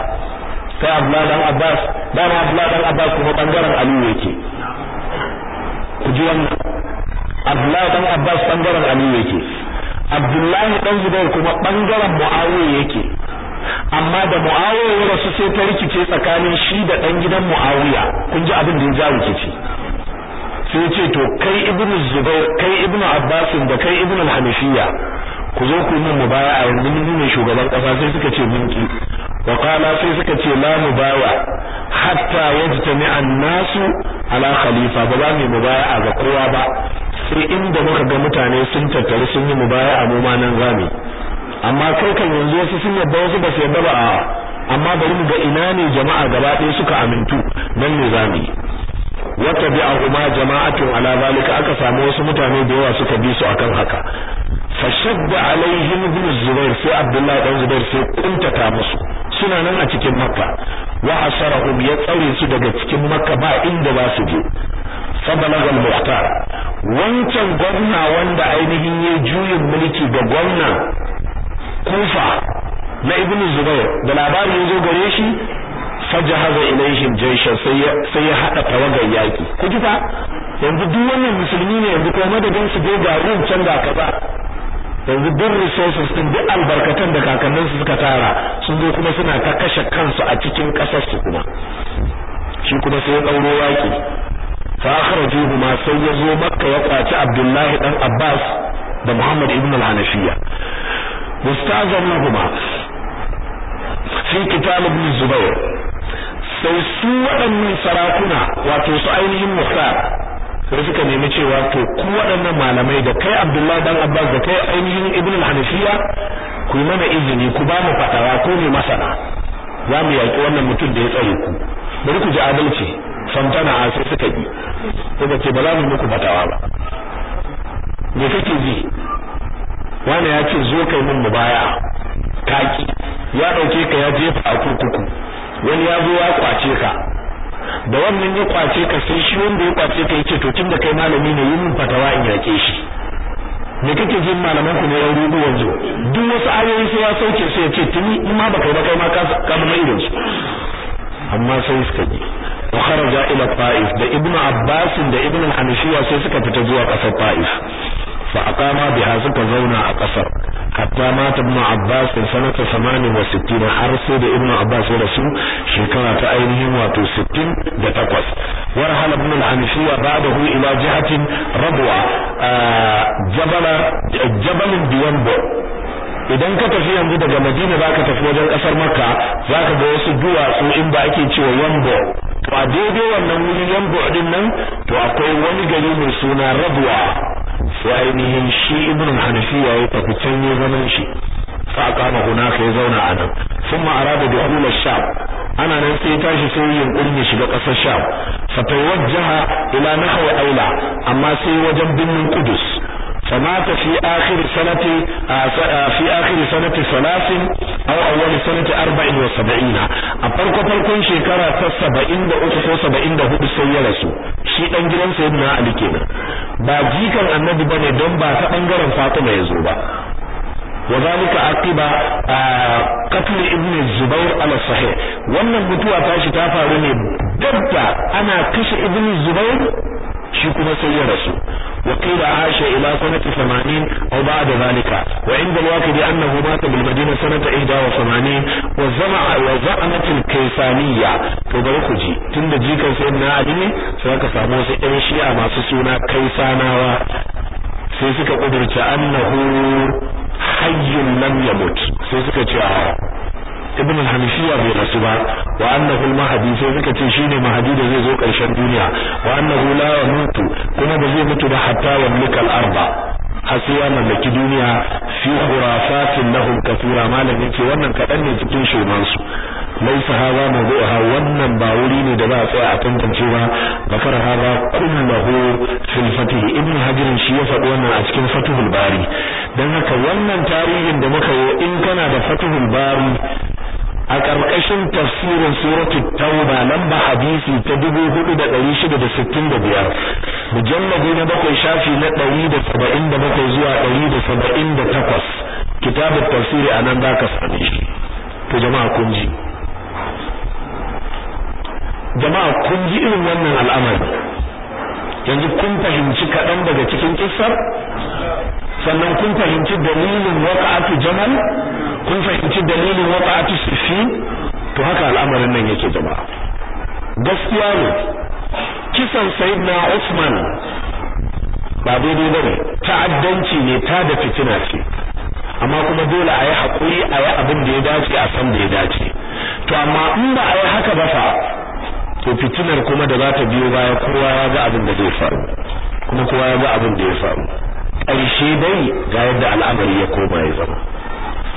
sai abdullahi dan abbas dan abdullahi dan abbas kuma bangaren ali yake ku ji wannan abdullahi dan abbas bangaren ali yake abdullahi dan zubair kuma bangaren muawiya yake amma da muawiya ya rasu sai ta rikice tsakanin shi da dan gidan muawiya kun ji abin da ya ja rikici sai ce to kai ibnu zubair kai ibnu abbas da kai ibnu hanafiya ku zo ku baya a yanzu mun ne shugaban kasa sai suka ce mun ki wa qala sai suka ce la mubawa hatta yajtami an-nasu ala khalifa ba za mu a ga kowa ba sai inda muka ga mutane sun tattaru sun yi mu a mu ma nan amma kai kan yanzu wasu sun yadda wasu ba su yadda ba amma bari mu ga ina ne jama'a gaba ɗaya suka amintu nan ne zamu yi wata bi ahuma jama'atun ala zalika aka samu wasu mutane da yawa suka bi su akan haka fashadda alaihim ibn zubair sai abdullahi dan zubair sai kuntata musu suna nan a cikin makka wa asarahum ya tsare su daga cikin makka ba inda ba su je fabalaga al-muhtar wancan gwamna wanda ainihin ya juyin mulki ga gwamna kufa na ibn zubair da labari ya zo gare shi jahaza ilaihim jayshan sai ya sai ya hada tawagar yaki ji fa yanzu duk wannan musulmi ne yanzu ko madadin su ga garin can da kaza yanzu duk resources din duk albarkatan da kakanninsu suka tara sun zo kuma suna ta kashe kansu a cikin kasar su kuma shi kuma sai ya dauro waki fa akhrajuhu ma sai ya zo makka ya kwaci abdullahi dan abbas da muhammad ibn al-hanafiya mustazan lahuma fi kitab ibn zubair sai su waɗannan sarakuna wato su ainihin muhtar sai suka nemi cewa to ku waɗannan malamai da kai Abdullahi dan Abbas da kai ainihin Ibn al-Hanafiya ku yi mana izini ku ba mu fatawa ko ne masana za mu yaƙi wannan mutum da ya tsare ku bari ku ji adalci fantana a sai suka bi suka ce ba za mu muku fatawa ba me kake ji wani ya ce zo kai mun mubaya kaki ya ɗauke ka ya jefa a kurkuku wani ya zo ya kwace ka da wannan ya kwace ka sai shi wanda ya kwace ka yace to da kai malami ne yi fatawa in yake shi me kake jin malaman ku ne ya rubu yanzu duk wasu ayoyi sai ya sauke sai ya ce tuni in ma baka ba kai ma ka ka mai irin su amma sai suka ji wa kharaja ila ta'if da ibnu abbas da ibnu hanifiya sai suka fita zuwa kasar ta'if fa aqama biha ka zauna a kasar hatta mata ibn abbas sanata 68 har sai da ibn abbas ya rasu shekara ta ainihin wato 60 da takwas warhal ibn al-hanfiya ba'dahu ila jihatin rabwa jabala jabalin biyanbo idan ka tafi yanzu daga madina zaka tafi wajen kasar makka zaka ga wasu duwatsu in ba ake cewa yambo to a daidai wannan wuri yambo din nan to akwai wani gari mai suna rabwa wa ainihin shi ibn hanafiya ya tafi can ya zaman shi fa kama hunaka ya zauna a nan thumma arada bi ahli sham ana nan sai tashi sai yunkurin ya shiga kasar sham fa tawajjaha ila nahwa aila amma sai wajen binnin kudus. فمات في آخر سنة في آخر سنة ثلاث أو أول سنة أربع وسبعين أبرك فرق شكرا سبعين دا أتفو سبعين دا هو بسيالسو شيء أنجلن سيدنا علي كنا باجيكا النبي بني دنبا تأنجرن فاطمة يزوبا وذلك عقب قتل ابن الزبير على الصحيح wannan mutuwa ta shi ta faru ne dabba ana kashe ibn zubair shi kuma sai ya rasu wa da aisha ila sanati 80 aw da zalika wa inda al-waqidi annahu mata bil madina sanata 81 wa zama wa za'amat al saniya to bari ku ji tunda jikan sai na ali sai aka samu wasu ƴan shi'a masu suna kaysanawa sai suka kudurta annahu hayyun lam yamut sai suka ce a'a ibn al-hanafiya bai rasu ba wa annahu al-mahdi sai suka ce shine mahdi da zai zo karshen duniya wa annahu la yamutu kuma ba zai mutu ba hatta wa al-arba har ya mallaki duniya fi khurafatin lahum kathura malam yace wannan kadan ne cikin shoman laisa haza mawdu'uha wannan ba wuri ne da za a tsaya a tantance ba bakar haza kullahu fil fatih ibn hajar shi ya faɗi wannan a cikin fatuhul bari dan haka wannan tarihin da muka yi in kana da fatuhul bari a ƙarƙashin tafsirin suratu tauba lamba hadisi ta 4665 mujalladi na bakwai shafi na 177 zuwa 178 kitabut tafsiri anan da ka same shi to jama'a kun ji jama'a kun ji irin wannan al'amari yanzu kun fahimci kaɗan daga cikin kissar sannan kun fahimci dalilin waqa'atu jamal kun fahimci dalilin waqa'atu sifi to haka al'amarin nan yake jama'a gaskiya ne kisan na Usman ba daidai ne ta'addanci ne ta da fitina ce amma kuma dole a yi haƙuri a yi abin da ya dace a san da ya dace to amma in ba a yi haka ba fa to fitinar kuma da za ta biyo baya kowa ya ga abin da zai faru kuma kowa ya ga abin da ya faru ƙarshe dai ga yadda al'amari ya koma ya zama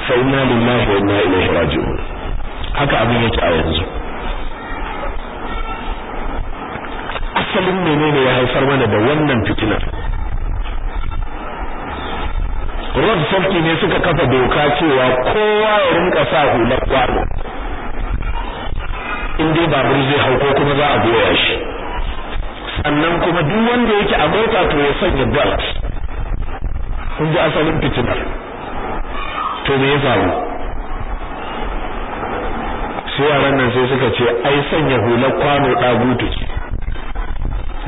fa inna lillahi wa inna ilaihi raji'un haka abin yake a yanzu asalin menene ya haifar mana da wannan fitinar rod sarki ne suka kafa doka cewa kowa ya rinka sa hular kwano in dai babur zai hau ko kuma za a goya shi sannan kuma duk wanda yake a mota to ya sanya belt kun ji asalin fitina to me ya faru sai yaran nan sai suka ce ai sanya hular kwano ɗagu ce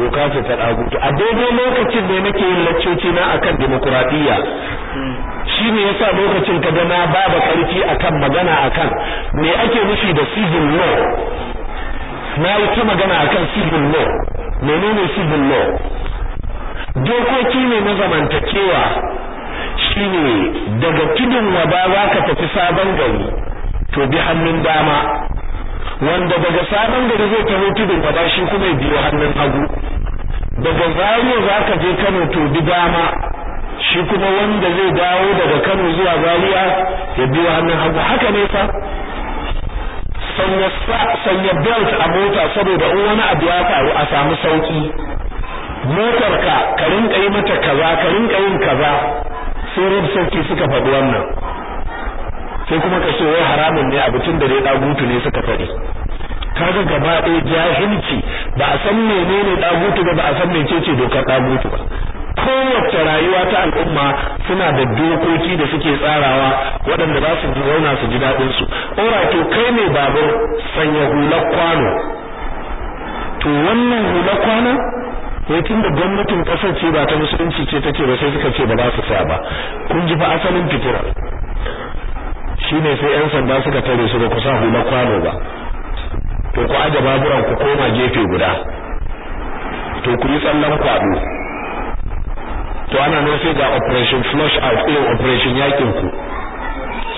ka ce ta ɗagutu a daidai lokacin da nake yin laccoci na akan demokuraɗiyya shi ne yasa lokacin ka ga na ba da akan magana akan me ake nufi da civil law na yi ta magana akan civil law menene civil law dokoki ne na zamantakewa shi ne daga tudun wada za ka tafi sabon gari to bi hannun dama wanda daga sabon gari zai taho turin gaba shi kuma ya biyo hannun hagu daga zariya za ka je kano to bi dama shi kuma wanda zai dawo daga kano zuwa zariya ya biyo hannun hagu haka ne fa sanya belt a mota saboda in wani abu ya faru a samu sauki motar ka ka rinka yi mata kaza ka rinka yin kaza sai rub sauki suka faɗi wannan sai kuma ka ce wai haramun ne abu tun da dai dagutu ne suka faɗi kaga gaba ɗaya jahilci ba a san menene dagutu ba ba a san mecece dokar dagutu ba kowace rayuwa ta al'umma suna da dokoki da suke tsarawa waɗanda za su zauna su ji daɗin su ora to kai ne babu sanya hular kwano to wannan hular kwano wai tun da gwamnatin ƙasar ce ba ta musulunci ce take ba sai suka ce ba za su sa ba kun ji fa asalin fitirar shine sai yan sanda suka tare su ba ku sa hula kwano ba to ku aje baburan ku koma gefe guda to ku yi tsallan kwado to ana ne sai ga operation flush out irin operation yakin ku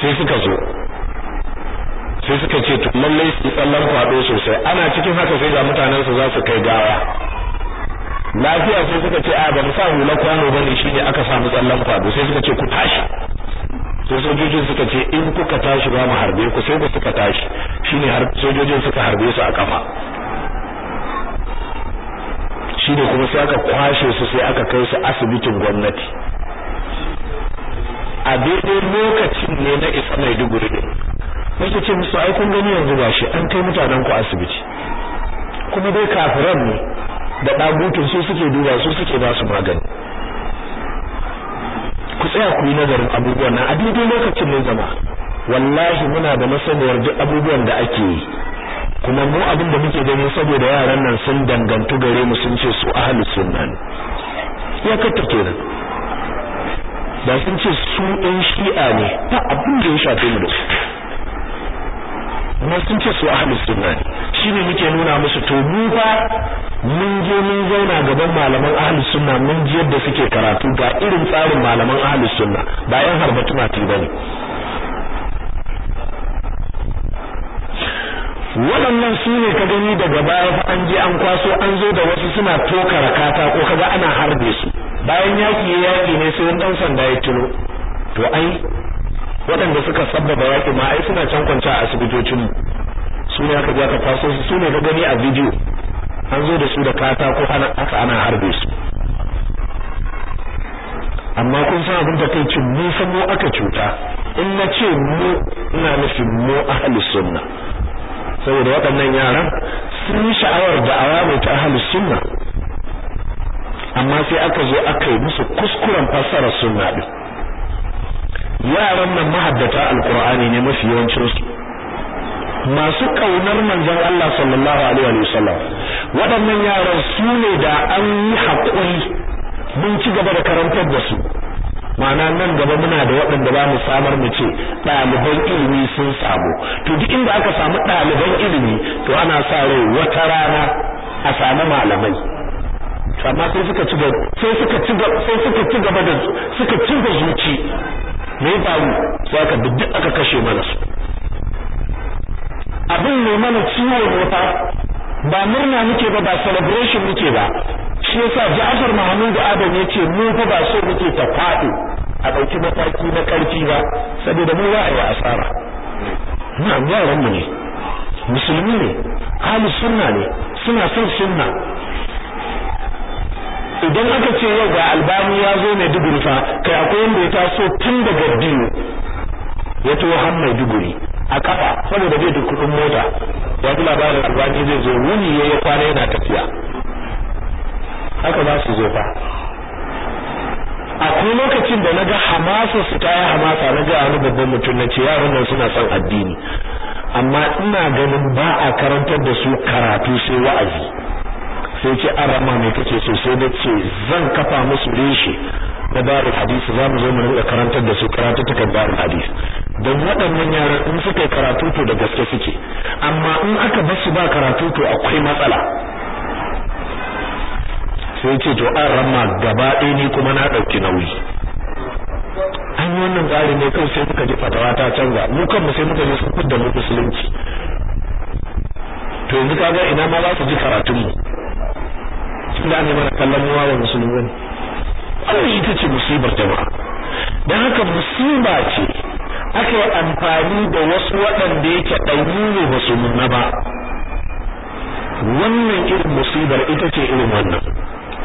sai suka zo sai suka ce to lallai su tsallan kwado sosai ana cikin haka sai ga mutanen su za su kai gawa lafiya sai suka ce a ba mu sa hula kwano bane shine aka samu tsallan kwado sai suka ce ku tashi ko sojojin suka ce in kuka tashi ba mu harbe ku sai ku suka tashi shine har sojojin suka harbe su a kafa shine kuma sai aka kwashe su sai aka kai su asibitin gwamnati a daidai lokacin ne na isa mai duguri ne wata ce musu ai kun gani yanzu ba shi an kai mutanen ku asibiti kuma dai kafiran ne da ɗabutun su suke duba su suke ba su magani ku tsaya ku yi nazarin abubuwan nan a daidai lokacin ne zama wallahi muna da masaniyar duk abubuwan da ake yi kuma mu abin da muke gani saboda yaran nan sun dangantu gare mu sun ce su ahli sunna ne ya katta kenan da sun ce su ɗan shi'a ne ta abin da ya shafe mu da su amma sun ce su ahlus sunna shi ne muke nuna musu to mu fa mun je mun zauna gaban malaman ahlus sunna mun ji yadda suke karatu ga irin tsarin malaman ahlus sunna ba yan harbatu mati bane waɗannan su ne ka gani daga baya fa an je an kwaso an zo da wasu suna tokara katako kaga ana harbe su bayan yaki yaki ne sai ɗan sanda ya tuno to ai waɗanda suka sabbaba yaƙi ma ai suna can kwanta a asibitocin su ne aka ka kwaso su su ne ka gani a bidiyo an zo da su da kata ko aka ana harbe su amma kun san abin da kai cin mu san mu aka cuta in na ce mu ina nufin mu ahli sunna saboda waɗannan yaran sun yi sha'awar da mai ta ahli sunna amma sai aka zo aka yi musu kuskuren fassara sunna din yaran nan mahaddata alqur'ani ne mafi yawancin su masu kaunar manzon Allah sallallahu alaihi wa sallam waɗannan yaran su ne da an yi hakuri mun ci gaba da karantar da su ma'ana nan gaba muna da waɗanda za mu samar mu ce ɗaliban ilimi sun samu to duk inda aka samu ɗaliban ilimi to ana sa rai wata rana a samu malamai amma sai suka ci gaba sai suka ci gaba sai suka ci gaba da suka ci zuci me ya faru sai aka duk aka kashe mana su abin ne mana ciwo ne ba murna muke ba ba celebration muke ba shi yasa Ja'far Mahmud Adam yace mu fa ba so muke ta faɗi a ɗauki mataki na ƙarfi ba saboda mu za a yi asara na yaran mu ne musulmi ne ahli sunna ne suna son sunna idan aka ce yau ga albani ya zo mai duguri fa kai akwai wanda ya taso tun daga biyu ya to har mai duguri a kafa saboda zai duk kudin mota ya ji labarin albani zai zo wuni ya yi kwana yana tafiya haka za su zo fa akwai lokacin da na ga hamasa su ta yi hamasa na ga wani babban mutum na ce yaran nan suna son addini amma ina ganin ba a karantar da su karatu sai wa'azi sai ce arama mai kake so sai na ce zan kafa musu reshe na bari hadis za mu zo mu rinka karantar da su karatu ta bari hadis don waɗannan yaran in suka yi karatu to da gaske suke amma in aka bar su ba karatu to akwai matsala sai ce to an rama gaba ɗaya ni kuma na ɗauki nauyi an yi wannan tsari ne kawai sai muka ji fatawa ta canza mu kanmu sai muka je su da musulunci to yanzu kaga ina ma za su ji karatunmu da ne mana kallon muwa wa musulmi wannan ita ce musibar jama'a dan haka musiba ce aka yi amfani da wasu waɗanda yake ɗauri ba su nuna ba wannan irin musibar ita ce irin wannan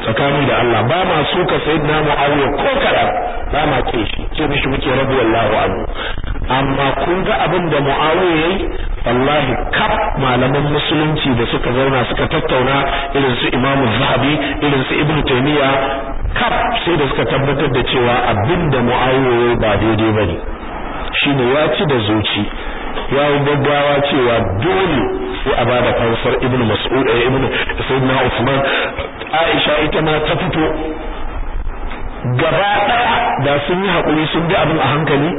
tsakani da Allah ba ma so ka na Muawiya ko kada ba ma ke shi ce mishi muke rabu wallahu anhu amma kun ga abin da Muawiya yayi wallahi kaf malaman musulunci da suka zauna suka tattauna irin su Imam Zahabi irin su ibnu taymiya kaf sai da suka tabbatar da cewa abin da Muawiya yayi ba daidai bane shine ya ci da zuci ya yi gaggawa cewa dole sai a bada fansar Ibn mas'ud eh ibn sayyidina usman aisha ita ma ta fito gaba da sun yi hakuri sun bi abin a hankali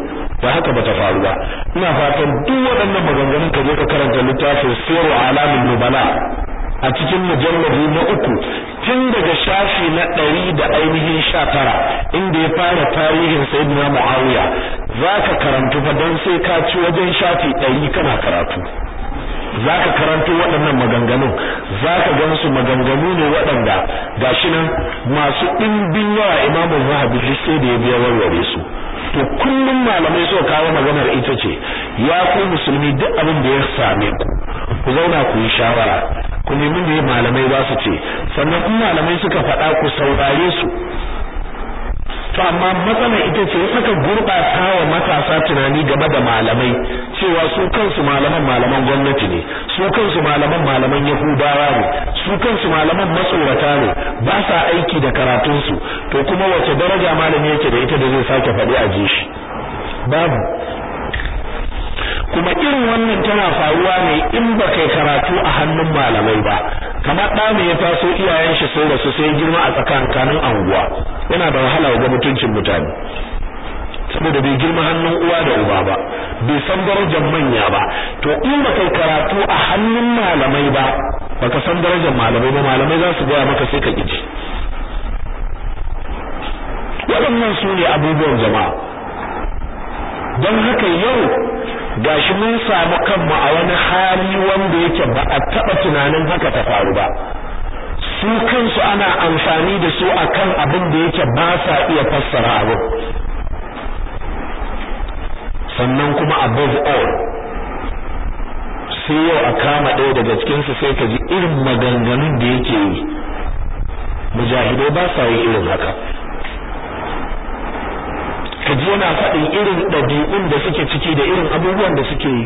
ba haka bata faru ba ina fatan duk waɗannan maganganun ka je ka karanta littafin sirru alamin nubala a cikin mujalladi na uku tun daga shafi na ɗari da ainihin sha tara inda ya fara tarihin sayidina muawiya za ka karantu fa don sai ka ci wajen shafi ɗari kana karatu za ka karantu waɗannan maganganun za ka gansu maganganu ne waɗanda gashi nan masu ɗimbin yawa imamu zahabi sai da ya biya warware su to kullum malamai so kawo maganar ita ce ya ku musulmi duk abin da ya same ku ku zauna ku yi shawara ku nemi ne malamai za su ce sannan in malamai suka faɗa ku saurare su to amma matsalar ita ce aka gurɓata wa matasa tunani game da malamai cewa su kansu malaman malaman gwamnati ne su kansu malaman malaman yahudawa ne su kansu malaman matsorata ne ba sa aiki da karatunsu to kuma wace daraja malami yake da ita da zai sake faɗi a ji shi babu kuma irin wannan tana faruwa ne in ba kai karatu a hannun malamai ba kamar ɗa ne ya taso iyayen shi sun rasu sai girma a tsakankanin anguwa yana da wahala ga mutuncin mutane saboda bai girma hannun uwa da uba ba bai san darajar manya ba to in ba kai karatu a hannun malamai ba baka san darajar malamai ba malamai za su gaya maka sai ka kici waɗannan su ne abubuwan jama'a don haka yau gashi mun samu kanmu a wani hali wanda yake ba a taɓa tunanin haka ta faru ba su kansu ana amfani da su akan abin da yake ba sa iya fassara abu sannan kuma above all sai yau a kama ɗaya daga cikinsu sai ka ji irin maganganun da yake yi mujahidai ba sa yin irin haka ka ji yana faɗin irin ɗabi'un da suke ciki da irin abubuwan da suke yi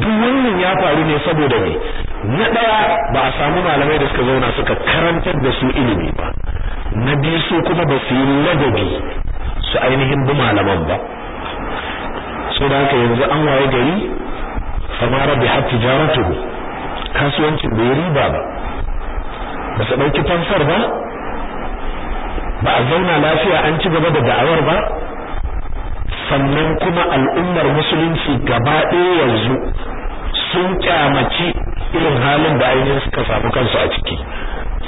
duk wannan ya faru ne saboda ne na ɗaya ba a samu malamai da suka zauna suka karantar da su ilimi ba na biyu su kuma ba su yi ladabi su ainihin bi malaman ba so da haka yanzu an waye gari samara bi har jaratu kasuwancin bai riba ba ba su ɗauki fansar ba ba a zauna lafiya an ci gaba da da'awar ba sannan kuma al'ummar musulunci gaba ɗaya yanzu sun kyamaci irin halin da ainihin suka samu kansu a ciki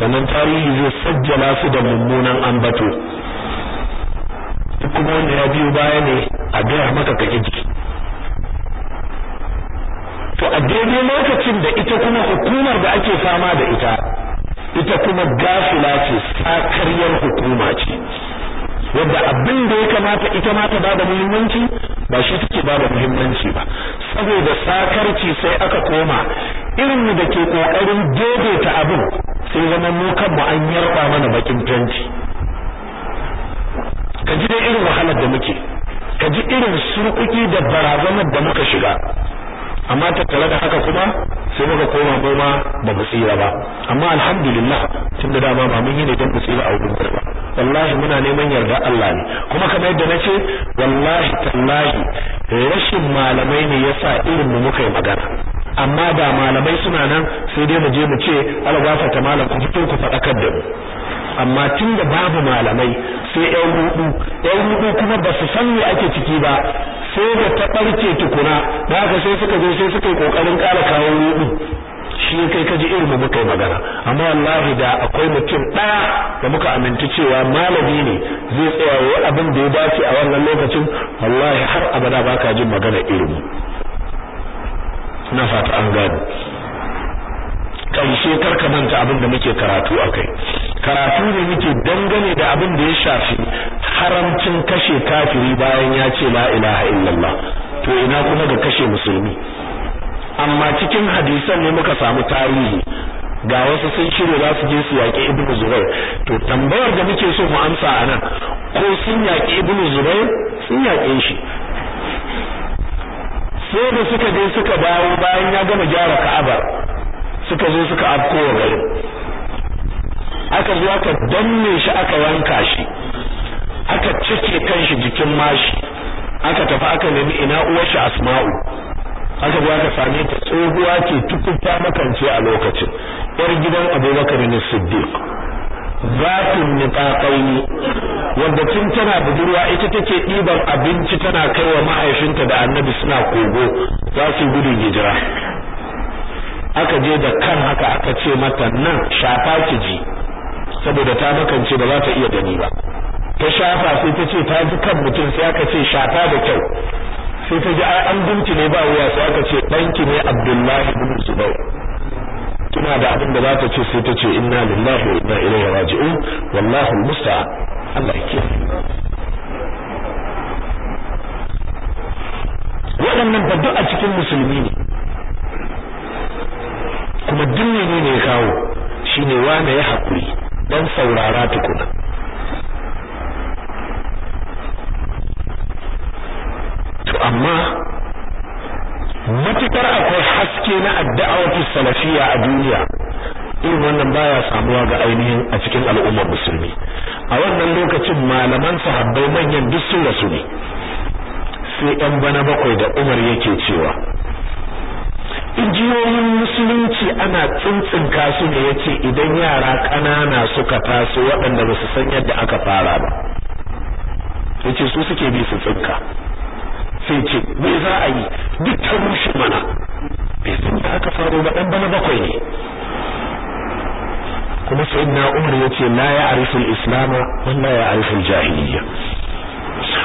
sannan tarihi zai sajjala su da mummunan ambato duk kuma wanda ya biyo baya ne a gaya maka ka jiki to a daidai lokacin da ita kuma hukumar da ake fama da ita ita kuma gafila ce sakaryar hukuma ce wadda abin da ya kamata ita ma ta ba da muhimmanci ba shi take bada muhimmanci ba saboda sakarci sai aka koma irin da ke kokarin ta abin sai zama mu kanmu an yarba mana bakin fenti kaji irin wahalar da muke kaji irin surkuki da barazanar da muka shiga amma tattare da haka kuma sai muka koma goma ba mu tsira ba amma alhamdulillah tun da dama ba mun yi ne don mu tsira a wurin ba wallahi muna neman yarda Allah ne kuma kamar yadda na ce wallahi tallahi rashin malamai ne yasa irin mu muka yi magana amma da malamai suna nan sai dai mu je mu ce algafa ta malam ku fito ku faɗakar da mu amma tun da babu malamai sai yan rudu yan kuma ba su san me ake ciki ba sai da ta ɓarce tukuna da haka sai suka zo sai suka yi ƙoƙarin ƙara kawo rudu shi ne kai kaji irin muka yi magana amma wallahi da akwai mutum ɗaya da muka aminta cewa malami ne zai tsaya wa abin da ya dace a wannan lokacin wallahi har abada ba ka jin magana irin na fata an gani karshe ka manta abin da muke karatu akai karatu ne muke dangane da abin da ya shafi haramcin kashe kafiri bayan ya ce la ilaha illallah to ina kuma ga kashe musulmi amma cikin hadisan ne muka samu tarihi ga wasu sun shirya za su je su yaƙi ibnu zubair to tambayar da muke so mu amsa a nan ko sun yaƙi ibnu zubair sun yaƙe shi sai da suka je suka dawo bayan ya gama gyara ka'abar suka zo suka afko wa garin aka zo aka danne shi aka yanka shi aka cike kanshi jikin mashi aka tafi aka nemi ina uwarshi asma'u aka ga aka same ta tsohuwa ce ta makance a lokacin yar gidan abubakar ne siddiq zafin niqaqaini wanda tun tana budurwa ita take ɗiban abinci tana kaiwa mahaifinta da annabi suna kogo za su gudun hijira aka je da kan haka aka ce mata nan shafa ki ji saboda ta makance ba za ta iya gani ba ta shafa sai ta ce ta ji kan mutum sai aka ce shafa da kyau sai ta ji an binci ne ba wuya sai aka ce ɗanki ne abdullahi bin zubair kina da abin da za ta ce sai ta ce inna lillahi wa inna ilaihi raji'un wallahu musta'an Allah ya waɗannan ba duk a cikin musulmi ne kuma duk ne ne ya kawo shine wanda ya haƙuri dan saurara tukuna to amma matukar akwai haske na addu'awatu salafiyya a duniya irin wannan baya samuwa ga ainihin a cikin al'ummar musulmi a wannan lokacin malaman sahabbai manyan duk sun rasu ne sai yan bana bakwai da Umar yake cewa injiyoyin musulunci ana tsuntsun kasu ne yace idan yara ƙanana suka taso waɗanda ba su san yadda aka fara ba yace su suke bi su tsinka sai ce me za a yi duk ta rushe mana bai san da aka faru ba dan bana bakwai ne kuma sayyidina Umar ce la ya'rifu al-islam wa la ya al jahiliya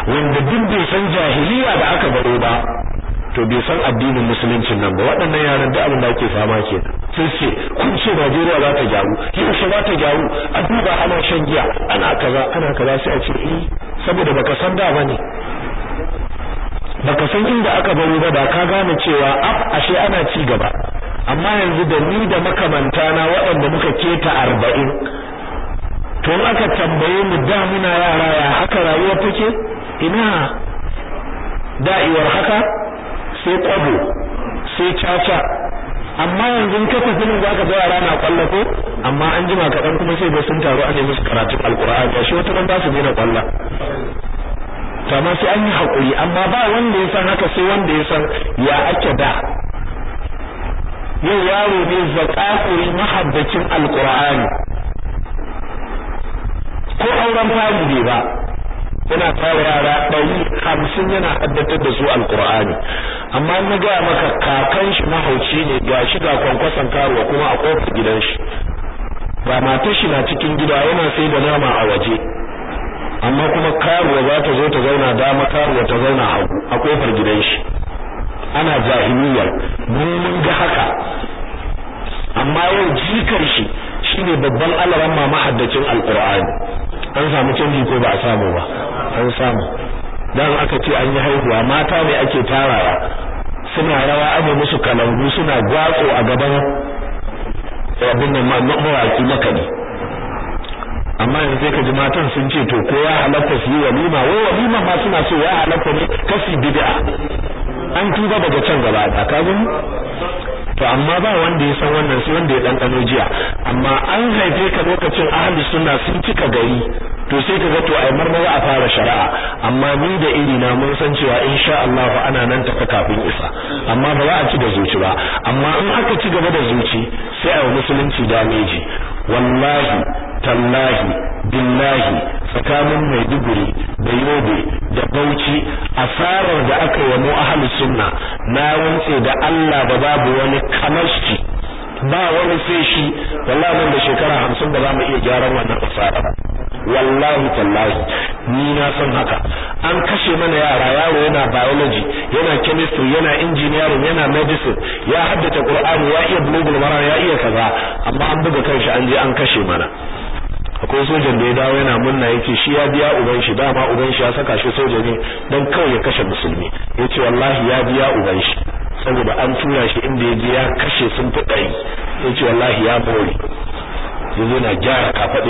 wanda duk bai san jahiliya da aka baro ba to bai san addinin musuluncin nan ba waɗannan yaran da abin da ake fama ke sai ce kun ce Najeriya za ta gyaru yaushe za ta gyaru a duba ana shan giya ana kaza ana kaza sai a ce eh saboda baka san da ne. baka san inda aka baro ba da ka gane cewa af ashe ana ci gaba amma yanzu da ni da makamanta na waɗanda muka keta arba'in to aka tambaye mu da muna yara ya haka rayuwa take ina da'iwar haka sai kwabo sai caca amma yanzu ka tafi nan zaka ga yara na kwalla ko amma an jima kaɗan kuma sai ga sun taru a ne musu karatun alkur'ani ashe wata ban ba su daina kwalla to sai an yi hakuri amma ba wanda ya san haka sai wanda ya san ya ake da yau yaro ne zaƙaƙuri mahabbacin alkur'ani ko auren fari ne ba yana tara yara ɗari hamsin yana haddatar da su alkur'ani amma na gaya maka kakan shi mahauci ne ga shi ga kwankwason karuwa kuma a ƙofar gidan shi ga matar na cikin gida yana sai da nama a waje amma kuma karuwa za ta zo ta zauna dama karuwa ta zauna hagu a kofar gidan shi ana jahiliya mun ga haka amma yau jikar shi shine babban alaran mama mahaddacin alqur'ani an samu canji ko ba a samu ba an samu dan aka ce an yi haihuwa mata ne ake tarawa suna rawa ane musu kalangu suna gwatso a gaban abin nan mawaki makani amma yanzu sai ka ji matan sun ce to ko ya halatta su yi walima wai walima ma suna so ya halatta ne kasi bid'a an tuba daga can gaba a ka gani to amma ba wanda ya san wannan sai wanda ya ɗanɗano jiya amma an haife ka lokacin ahli sunna sun cika gari to sai ka ga to ai marmara a fara shari'a amma ni da iri na mun san cewa insha Allah ana nan ta kafin isa amma ba za a ci da zuci ba amma in aka ci gaba da zuci sai a musulunci dameji wallahi tallahi billahi tsakanin maiduguri da yobe da bauchi asarar da aka yi mu ahlus sunna na rantse da Allah ba babu wani kamar ba wani sai shi wallahi da shekara hamsin ba za mu iya gyaran wannan asara wallahi tallahi ni na san haka an kashe mana yara yaro yana biology yana chemistry yana engineering yana medicine ya haddata qur'ani ya iya bulugul mara ya iya kaza amma an buga kanshi an je an kashe mana akwai sojan da ya dawo yana munna yake shi ya biya uban shi dama uban shi ya saka shi soja ne don kawai ya kashe musulmi yace wallahi ya biya uban shi saboda an tura shi inda ya je ya kashe sun fi ɗari yace wallahi ya bore yanzu na gyara kafaɗe